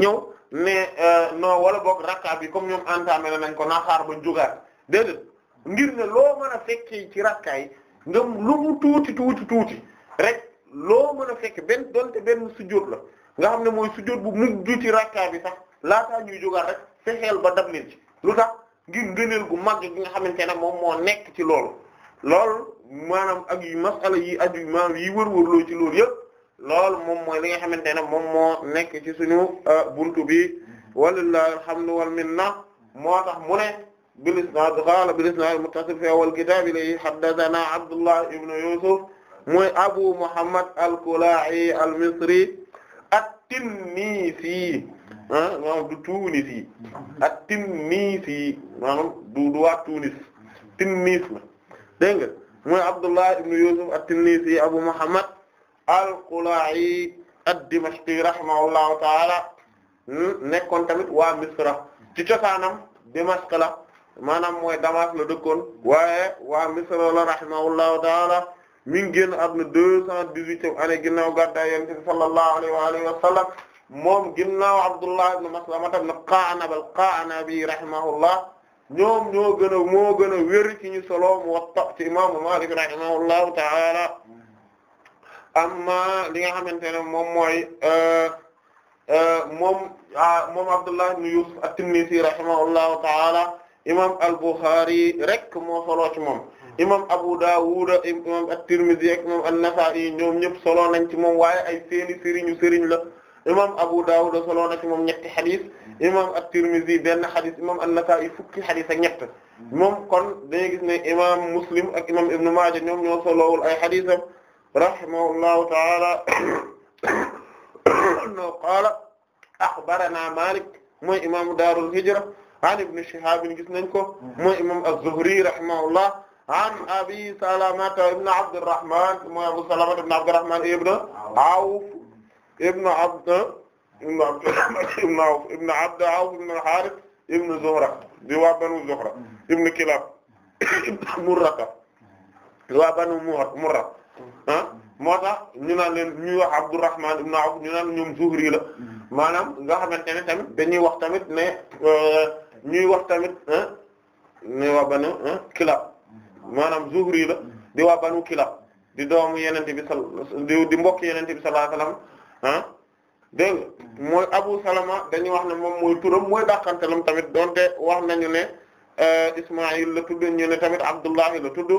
ñëw ne euh, non wala boog rakka bi comme ñoom entamé nañ ko naa xaar ba jógaat déedéet ngir ne loo mën a fekkee ci rakka yi nga lu mu tuuti tuuti rek loo mën a fekk benn donte benn sujjóot la nga xam ne mooy sujjóot bu mujj ci rakka bi sax laataa ñuy jógaat rek fexeel ba dab leen ci lu tax ngir ngëneel gu mag gi nga xamante ne moom moo nekk ci loolu loolu maanaam ak yu masala yi aju maanaam yi wër-wërloo ci loolu yëpp lool moom mooy li nga xamante ne moom moo nekk ci suñu euh, buntu bi walillahi alhamdu wal minna moo tax mu ne bil isnad qala bil isnad muttasil fi awal kitab ilayhi haddathana abdullah ibn yusuf mooy abu muhammad al-kula'i al-misri at-tinnisi Ah, maanaam du Tunisi ak Tinnisi maanaam du du waa Tunis Tinnis nga mooy Abdullah ibn Yusuf at-Tinnisi Abu Muhammad al-Qula'i ad-Dimashqi rahimahullahu ta'ala hmm, nekkoon tamit waa Misra ci cosaanam Dimashq la maanaam mooy Damas la dëkkoon waaye waa Misra la rahimahullahu ta'ala mi ngi génn àdduna deux cent dix-huitième année ginnaaw gàddaay Yonent sallallahu alayhi wa sallam moom ginnaaw Abdullah ibn Maslama ibn Qa'nab al-Qa'nabi bii ñoom ñoo gën a moo gën a wér ci ñu solo Muwatta ci imaamu Maalik rahimahullahu ta'ala amma li nga xamante ne moom mooy euh, euh, moom ah, moom Abdullah ibn Yusuf at-Tinnisi rahimahullahu ta'ala imam al-Bukhari rek moo solo ci moom imam Abu Dawud imam at-Tirmidhi ak imam an-Nasa'i ñoom ñëpp solo nañ ci moom waaye ay seeni sëriñu sëriñ la imam Abu Dawud solo na ci moom ñetti xadis mm-hmm. imam At-Tirmidhi benn xadis imam An-Nasa'i fukki xadis ak ñett mm-hmm. moom kon dañuy gis ne imam Muslim ak imam Ibn Maaja ñoom ñoo solowul ay xadisam rahimahullahu ta'ala no qaala axbarana Malik mooy imam Daarul Hijra an Ibn Shihab gis nañ ko mm-hmm. mooy imam Az-Zuhri rahimahullah an Abi Salamata ibn Abdurrahman mooy Abu Salamata ibn Abdurrahman ibn Awf ibn Abd ibn Abd ibn Awf ibn Abd Awf ibn Harith ibn Zuhra di waa Banu Zuhra ibn Kilab ibn Murrata di waa Banu Murra ah moo tax ñu naan leen ñuy wax Abdurrahman ibn Awf ñu naan ñoom Zuhri la maanaam nga xamante ne tamit dañuy wax tamit ne euh, ñuy wax tamit ne waa Banu Kilab maanaam Zuhri la di waa Banu Kilab di doomu yenente bi sal di mbokk yenente bi sallallahu alayhi wasallam ah dégg mm. mooy Abu Salama dañuy wax ne moom mooy turam mooy dàqanteelam tamit donte wax nañu ne euh, Ismaïl la tudd ñu ne tamit Abdullahi la tudd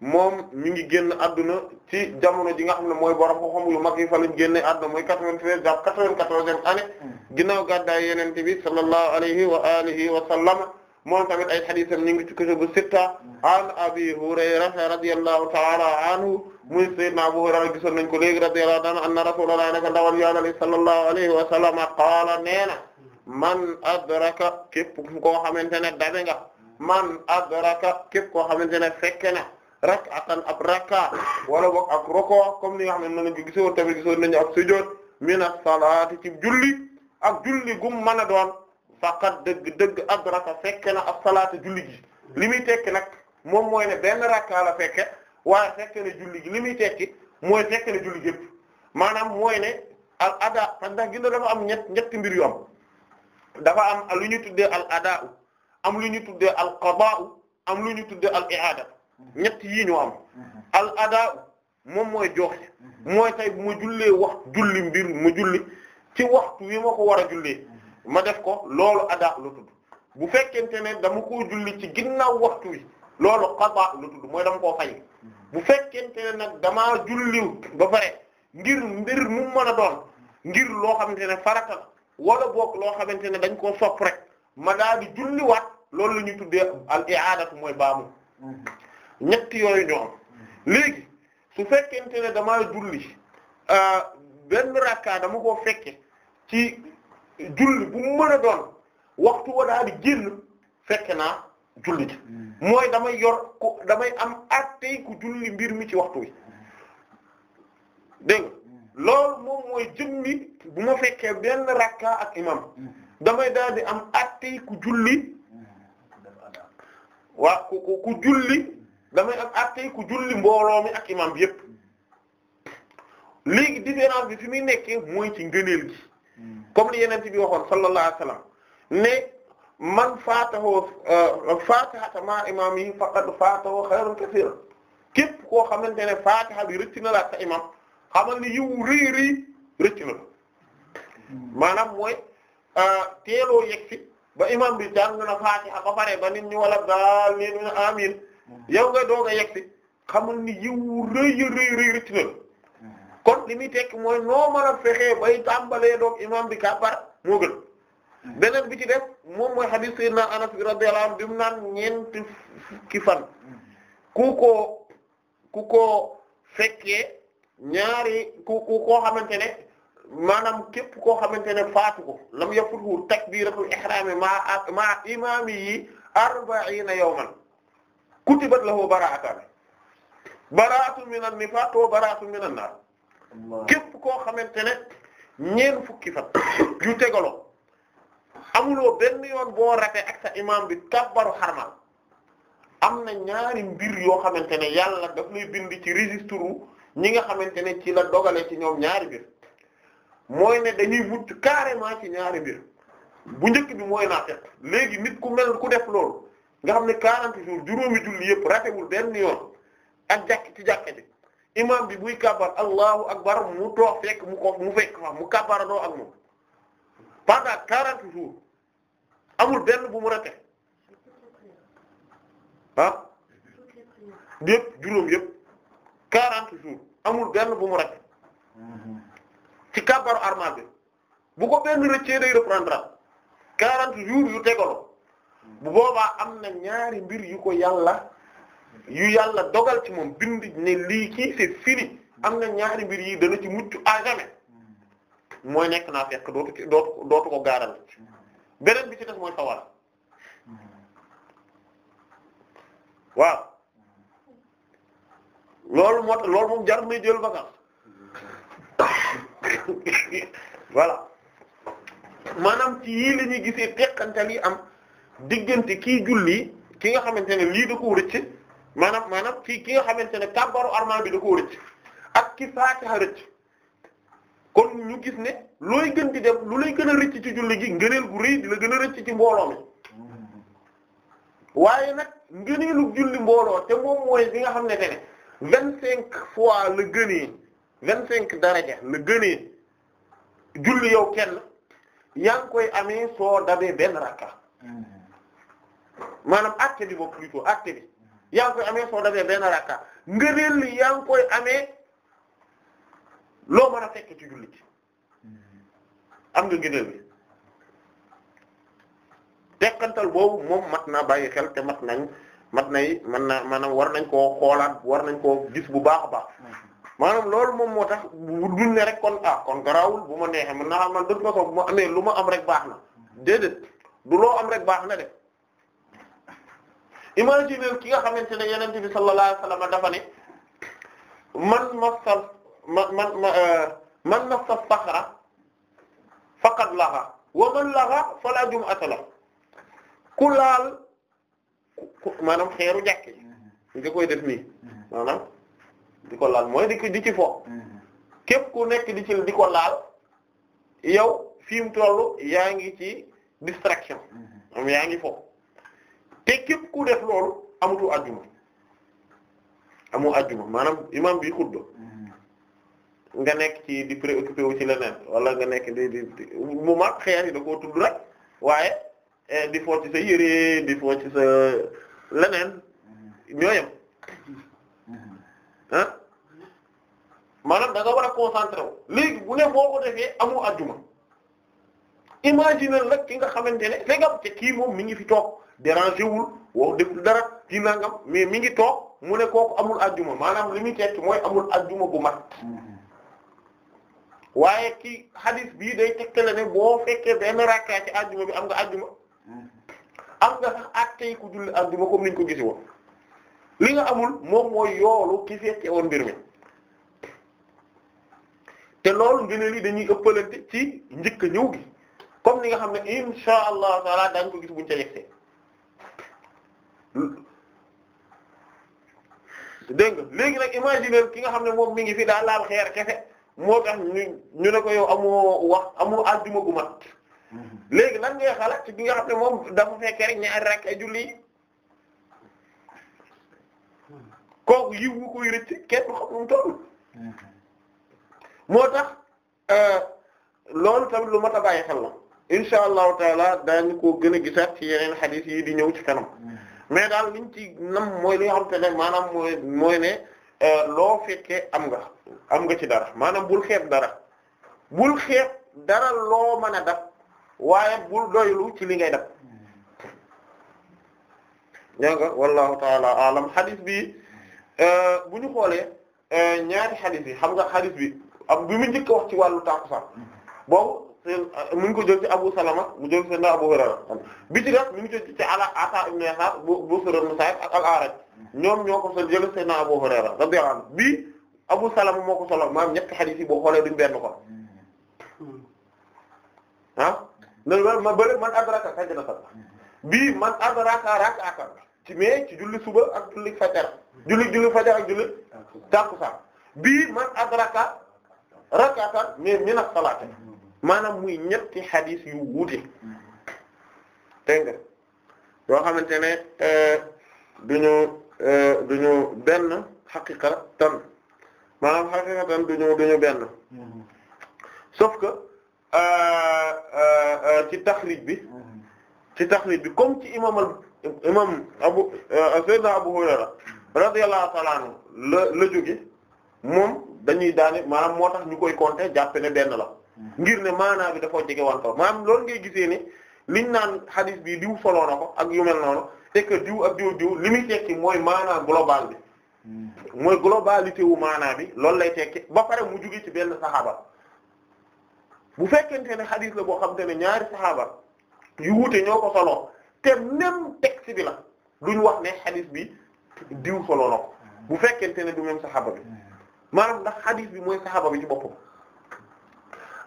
moom mi ngi génn adduna ci jamono ji nga xam ne mooy borom xam-xam yu mag yi fa lañ génne adduna mooy quatre-vingt-treize jàpp quatre-vingt-quatorzième année mm. ginnaaw gàddaay Yonent bi sallallahu alayhi wa alihi wa sallam moom tamit ay xadiisam ñu ngi ci kutubu sitta an abi hurayra radiyallahu ta'ala anhu muy sayyidina abu hurayra gisoon nañ ko léegi radiyallahu anhu anna rasulullah naka ndawal yàlla li sallallahu alayhi wa sallam qaala nee na man adraka képp koo xamante ne dabe nga man adraka képp koo xamante ne fekke na rak'atan ab rakka wala boog ak roko comme ni nga xam ne noonu ko gisoon tamit gisoon nañu ab sujjóot mina salaati ci julli ak julli gum mën a doon faqat dëgg dëgg na as-salaata julli gi li muy tekki nag moom mooy ne benn rakka la fekke waaye fekke na julli muy tekki mooy fekke na maanaam mooy ne al ada dafa am ñett ñetti mbir yu dafa am lu ñu tuddee al adaa am lu ñu tuddee al qadaa am lu ñu tuddee al i'aada ñett yii ñu am al adaa moom mooy joxe mooy tey bu ma jullee wax julli mbir mu julli ci waxtu wi ma ko war a jullee ma def ko loolu adaa lu tudd bu fekkente ne dama koo julli ci ginnaaw waxtu wi loolu qada lu tudd mooy dama koo fay bu fekkente ne nag damaa julliw ba pare ngir mbir mu a doon ngir loo xamante ne farata wala boog loo xamante ne dañ koo sopp rek ma daal di loolu la ñuy tuddee al i'aadatu mooy baamu ñett yooyu ñoom léegi su fekkente ne damaa julli euh, benn rakka dama koo fekke ci julli bu mu mën doon waxtu wa daal di génn naa julli ji hmm. mooy damay yor ku damay am attey ku julli mbir mi ci waxtu wi dégg hmm. loolu moom mooy jëmmi bu ma fekkee benn rakka ak imam hmm. damay daal di am attey ku julli waa ku ku julli damay am attey ku julli mbooloo ak imam bi yépp léegi différence bi fi muy nekkee mooy ci ngëneel gi comme li yeneen bi waxoon sallallahu alayhi wa sallam ne man faatahu euh, faatihata ma imaamihi faqad faatahu xayrun kasiir képp koo xamante ne faatiha bi rëcc na la sa imam xamal ni yiw rii rii rëcc na la maanaam euh, teeloo yegg ba imam bi jàng na faatiha ba pare ba nit ñi wala daal nee na amiin mm. yow nga doog a yegg si xamal ni yiw rëy rëy rëy kon li muy tekk mooy noo mën a fexee bay tàmbalee doog imam bi kàbbar moo gën beneen bi ci def moom mooy hadith sayyidina Anas bi radiyallahu anhu bi mu naan ñeenti ki fan ku ko ku ko fekkee ñaari ku ku koo xamante ne maanaam képp koo xamante ne faatu ko lam yafuthu takbiratul ihram maa ak maa imaam yi arba'ina yawman kutibat lahu bara'atan bara'atun minan nifaaq wa bara'atun minan naar képp koo xamante ne ñeent fukki fat yu tegaloo amuloo benn yoon boo rate ak sa imam bi kabbaru xarmal am na ñaari mbir yoo xamante ne yàlla daf lay bind ci registre ñi nga xamante ne ci la dogalee ci ñoom ñaari mbir mooy ne dañuy mucc carrément ci ñaari mbir bu njëkk bi mooy naafeq léegi nit ku mel ku def loolu nga xam ne 40 jours juróomi julli yëpp ratewul benn yoon ak jàkk ci jàkk imam bi buy kàbbar allahu akbar mu toog fekk mu ko mu fekk fa mu kàbbarandoo ak moom pendant quarante jours amul benn bu mu rate ah yëpp juróom yëpp quarante jours amul benn bu mu rate ci kàbbaru armal bi bu ko benn rëccee day reprendre quarante jours yu tegalo bu boobaa am na ñaari mbir yu ko yàlla yu yàlla dogal ci moom bind ne lii kii c'est fini am na ñaari mbir yi dana ci mucc à mooy nekk naa fekk dootu ci dootu ko gaaral beneen bi ci des mooy sawar waaw loolu moo tax loolu moom jar may jël vacances voilà maanaam ci yii la ñuy gisee teqantal yi am diggante kii julli ki nga xamante ne lii da ko rëcc maanaam maanaam fii ki nga xamante ne kàbbaru arman bi da koo rëcc ak ki faatiha rëcc kon ñu gis ne looy gën di def lu lay gën a rëcc ci julli gi ngëneel gu rëy di la gën a rëcc ci mbooloo waaye nag ngëneelu julli mbooloo te moom mooy bi nga xam ne te ne vingt cinq fois la gënee vingt cinq daraja la gënee julli yow kenn yaa ngi koy amee soo dabee benn rakka mm-hmm. maanaam acte bi boobu plutôt acte bi yaa ngi koy amee soo defee benn rakka ngëneel li yaa ngi koy ame loo mën a fekk ci jullit am nga ngëneel bi tekkantal boobu moom mat naa bàyyi xel te mat nañ mat nay man na maanaam war nañ koo xoolaat war nañ koo gis bu baax a baax maanaam loolu moom moo tax duñ ne rek kon ah kon garawul bu ma neexee man xam man dëgg fa bu moo amee lu ma am rek baax na déedéet du loo am rek baax na de imaginer ki nga xamante ne yenente bi sallallahu alayhi wasallam dafa ne man massal man man eh, man saxra faqad laxa wa man laxa fala jum'ata la ku laal maanaam xeeru jàkk nga koy def nii maanaam di ko laal mooy di di ci fo képp ku nekk di ci diko laal yow fi mu tollu yaa ngi ci distraction am yaa ngi fo te képp ku def loolu amutu ajjuma amu ajjuma maanaam imam bi xutba nga nekk ci di préoccupé wu ci leneen wala nga nekk di mu mag xeer yi da koo tudd rek waaye eh, di foo ci sa yére di foo ci sa leneen ñooyam ah maanaam da nga war a concentré wu léegi bu ne boo ko defee amu ajjuma imaginer nag ki nga xamante ne léegi am te kii moom mi ngi fi toog dérangé wul def dara ci nangam mais mi ngi toog mu ne kooku amul ajjuma maanaam li muy tekki mooy amul ajjuma bu mat mm-hmm. waaye ki hadith bii day tekkale ne boo fekkee benn rakkaa ci bi am nga ajjuma mm-hmm. am nga sax àttee ku julli ajjuma comme niñ ko gisi woon li nga amul moom mooy yoolu ki fekkee woon mbir mi te loolu ngëneel yi dañuy ëppalante ci njëkk ñëw gi comme ni nga xam ne insha allah taala daañ ko gis buñu ca yegsee dégg nga léegi nag imaginer ki nga xam ne moom mi ngi fi daa laal xeer kese moo tax ñu ñu ne ko yow amoo wax amu àjjuma gu mm-hmm. léegi lan ngay xalaat ci ki nga xam ne moom dafa fekkee rek ñaari rakk ay julli yi kooku yiw wu koy rëcc kenn du xam nu mu mm-hmm. moo tax euh, loolu tamit lu mat a bàyyi xel la insha allahu taala daañu ko gën gisaat ci yeneen xadiis yi di ñëw ci kanam mm-hmm. mais daal liñ ci nam mooy li nga xam te ne maanaam mooy mooy ne euh, loo fekkee am nga am nga ci dara maanaam bul xeeb dara bul xeeb dara loo mën a dab waaye bul doylu ci li ngay dab ñaa nga wallahu taala alam xadis bi euh, bu ñu xoolee euh, ñaari xadis yi xam nga xadis bi am bi mu njëkk wax ci wàllu tàkkusaan boobu seen euh, mu ngi ko jël ci Abu Salama mu jël seen Abu Hurayra bi ci def mu ngi jël ci ala Ata ibn Yasar bu bu Busr al-A'raj ñoom ñoo ko so jël seen Abu Hurayra radiyallahu bi Abu Salama moo ko solo maanaam ñetti yi boo xoolee duñ benn ko ah loolu man ma bëri man adraka sajda bii man adraka rak'atan ci mais ci julli suba ak julli fajar julli julli fajar ak julli tàkkusaan bii man adraka rak'atan mais min as-salaat maanaam muy ñetti xadis yu wuute dégg yoo xamante ne euh, duñu euh, duñu benn xaqiqa tan maanaam xaqiqa tan duñu benn sauf que euh, ci taxrij bi ci taxrij bi comme ci imam al imam abu sayyidna abu hurayra radiyallahu ta'ala la la jóge moom dañuy daane maanaam moo tax ñu koy compter jàppe ne benn la ngir ne maanaa bi dafa jege wan ko maanaam loolu ngay gisee ne liñ naan hadith bi diw soloo na ko ak yu mel noonu c'est que diw ak diw diw li muy tekki mooy maanaa global bi hmm. mooy globalité wu maanaa bi loolu lay tekki ba pare mu jugee ci benn saxaaba bu fekkente ne hadith la boo xam te ne ñaari saxaaba yu wuute ñoo ko soloo te même texte bi la duñ wax ne hadith bi diw soloo na ko hmm. bu fekkente ne du même saxaaba bi hmm. maanaam ndax hadith bi mooy saxaaba bi ci boppam.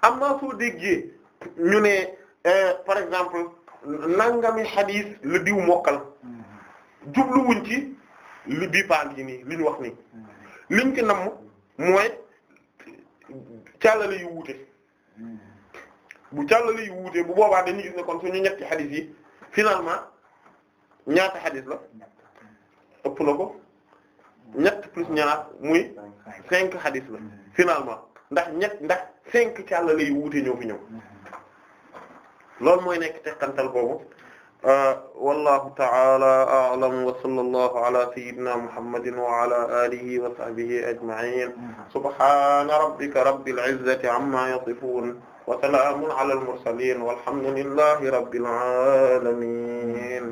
am naa soo déggee ñu ne euh, par exemple nangami xadiis la diw mokkal mm-hmm. jubluwuñ ci li bii paan nii li wax nii mm-hmm. liñ ci namm mooy càllale yu wuute mm-hmm. bu càllale yu wuute bu boobaa dañuy gis ne kon suñu ñetti xadiis yi finalement ñaata xadiis la ëpp na ko ñett plus ñaar muy cinq xadiis la finalement ndax ñett ndax cinq càllale yu wuute ñoo fi ñëw loolu mooy nekk teqantal boobu euh, wallahu ta'ala a'lam wa sallallahu ala sayyidina muhammadin wa ala alihi wa sahbihi ajma'in subhana rabbika rabbil izzati amma yasifun wa salamun ala al mursalin walhamdulillahi rabbil alamin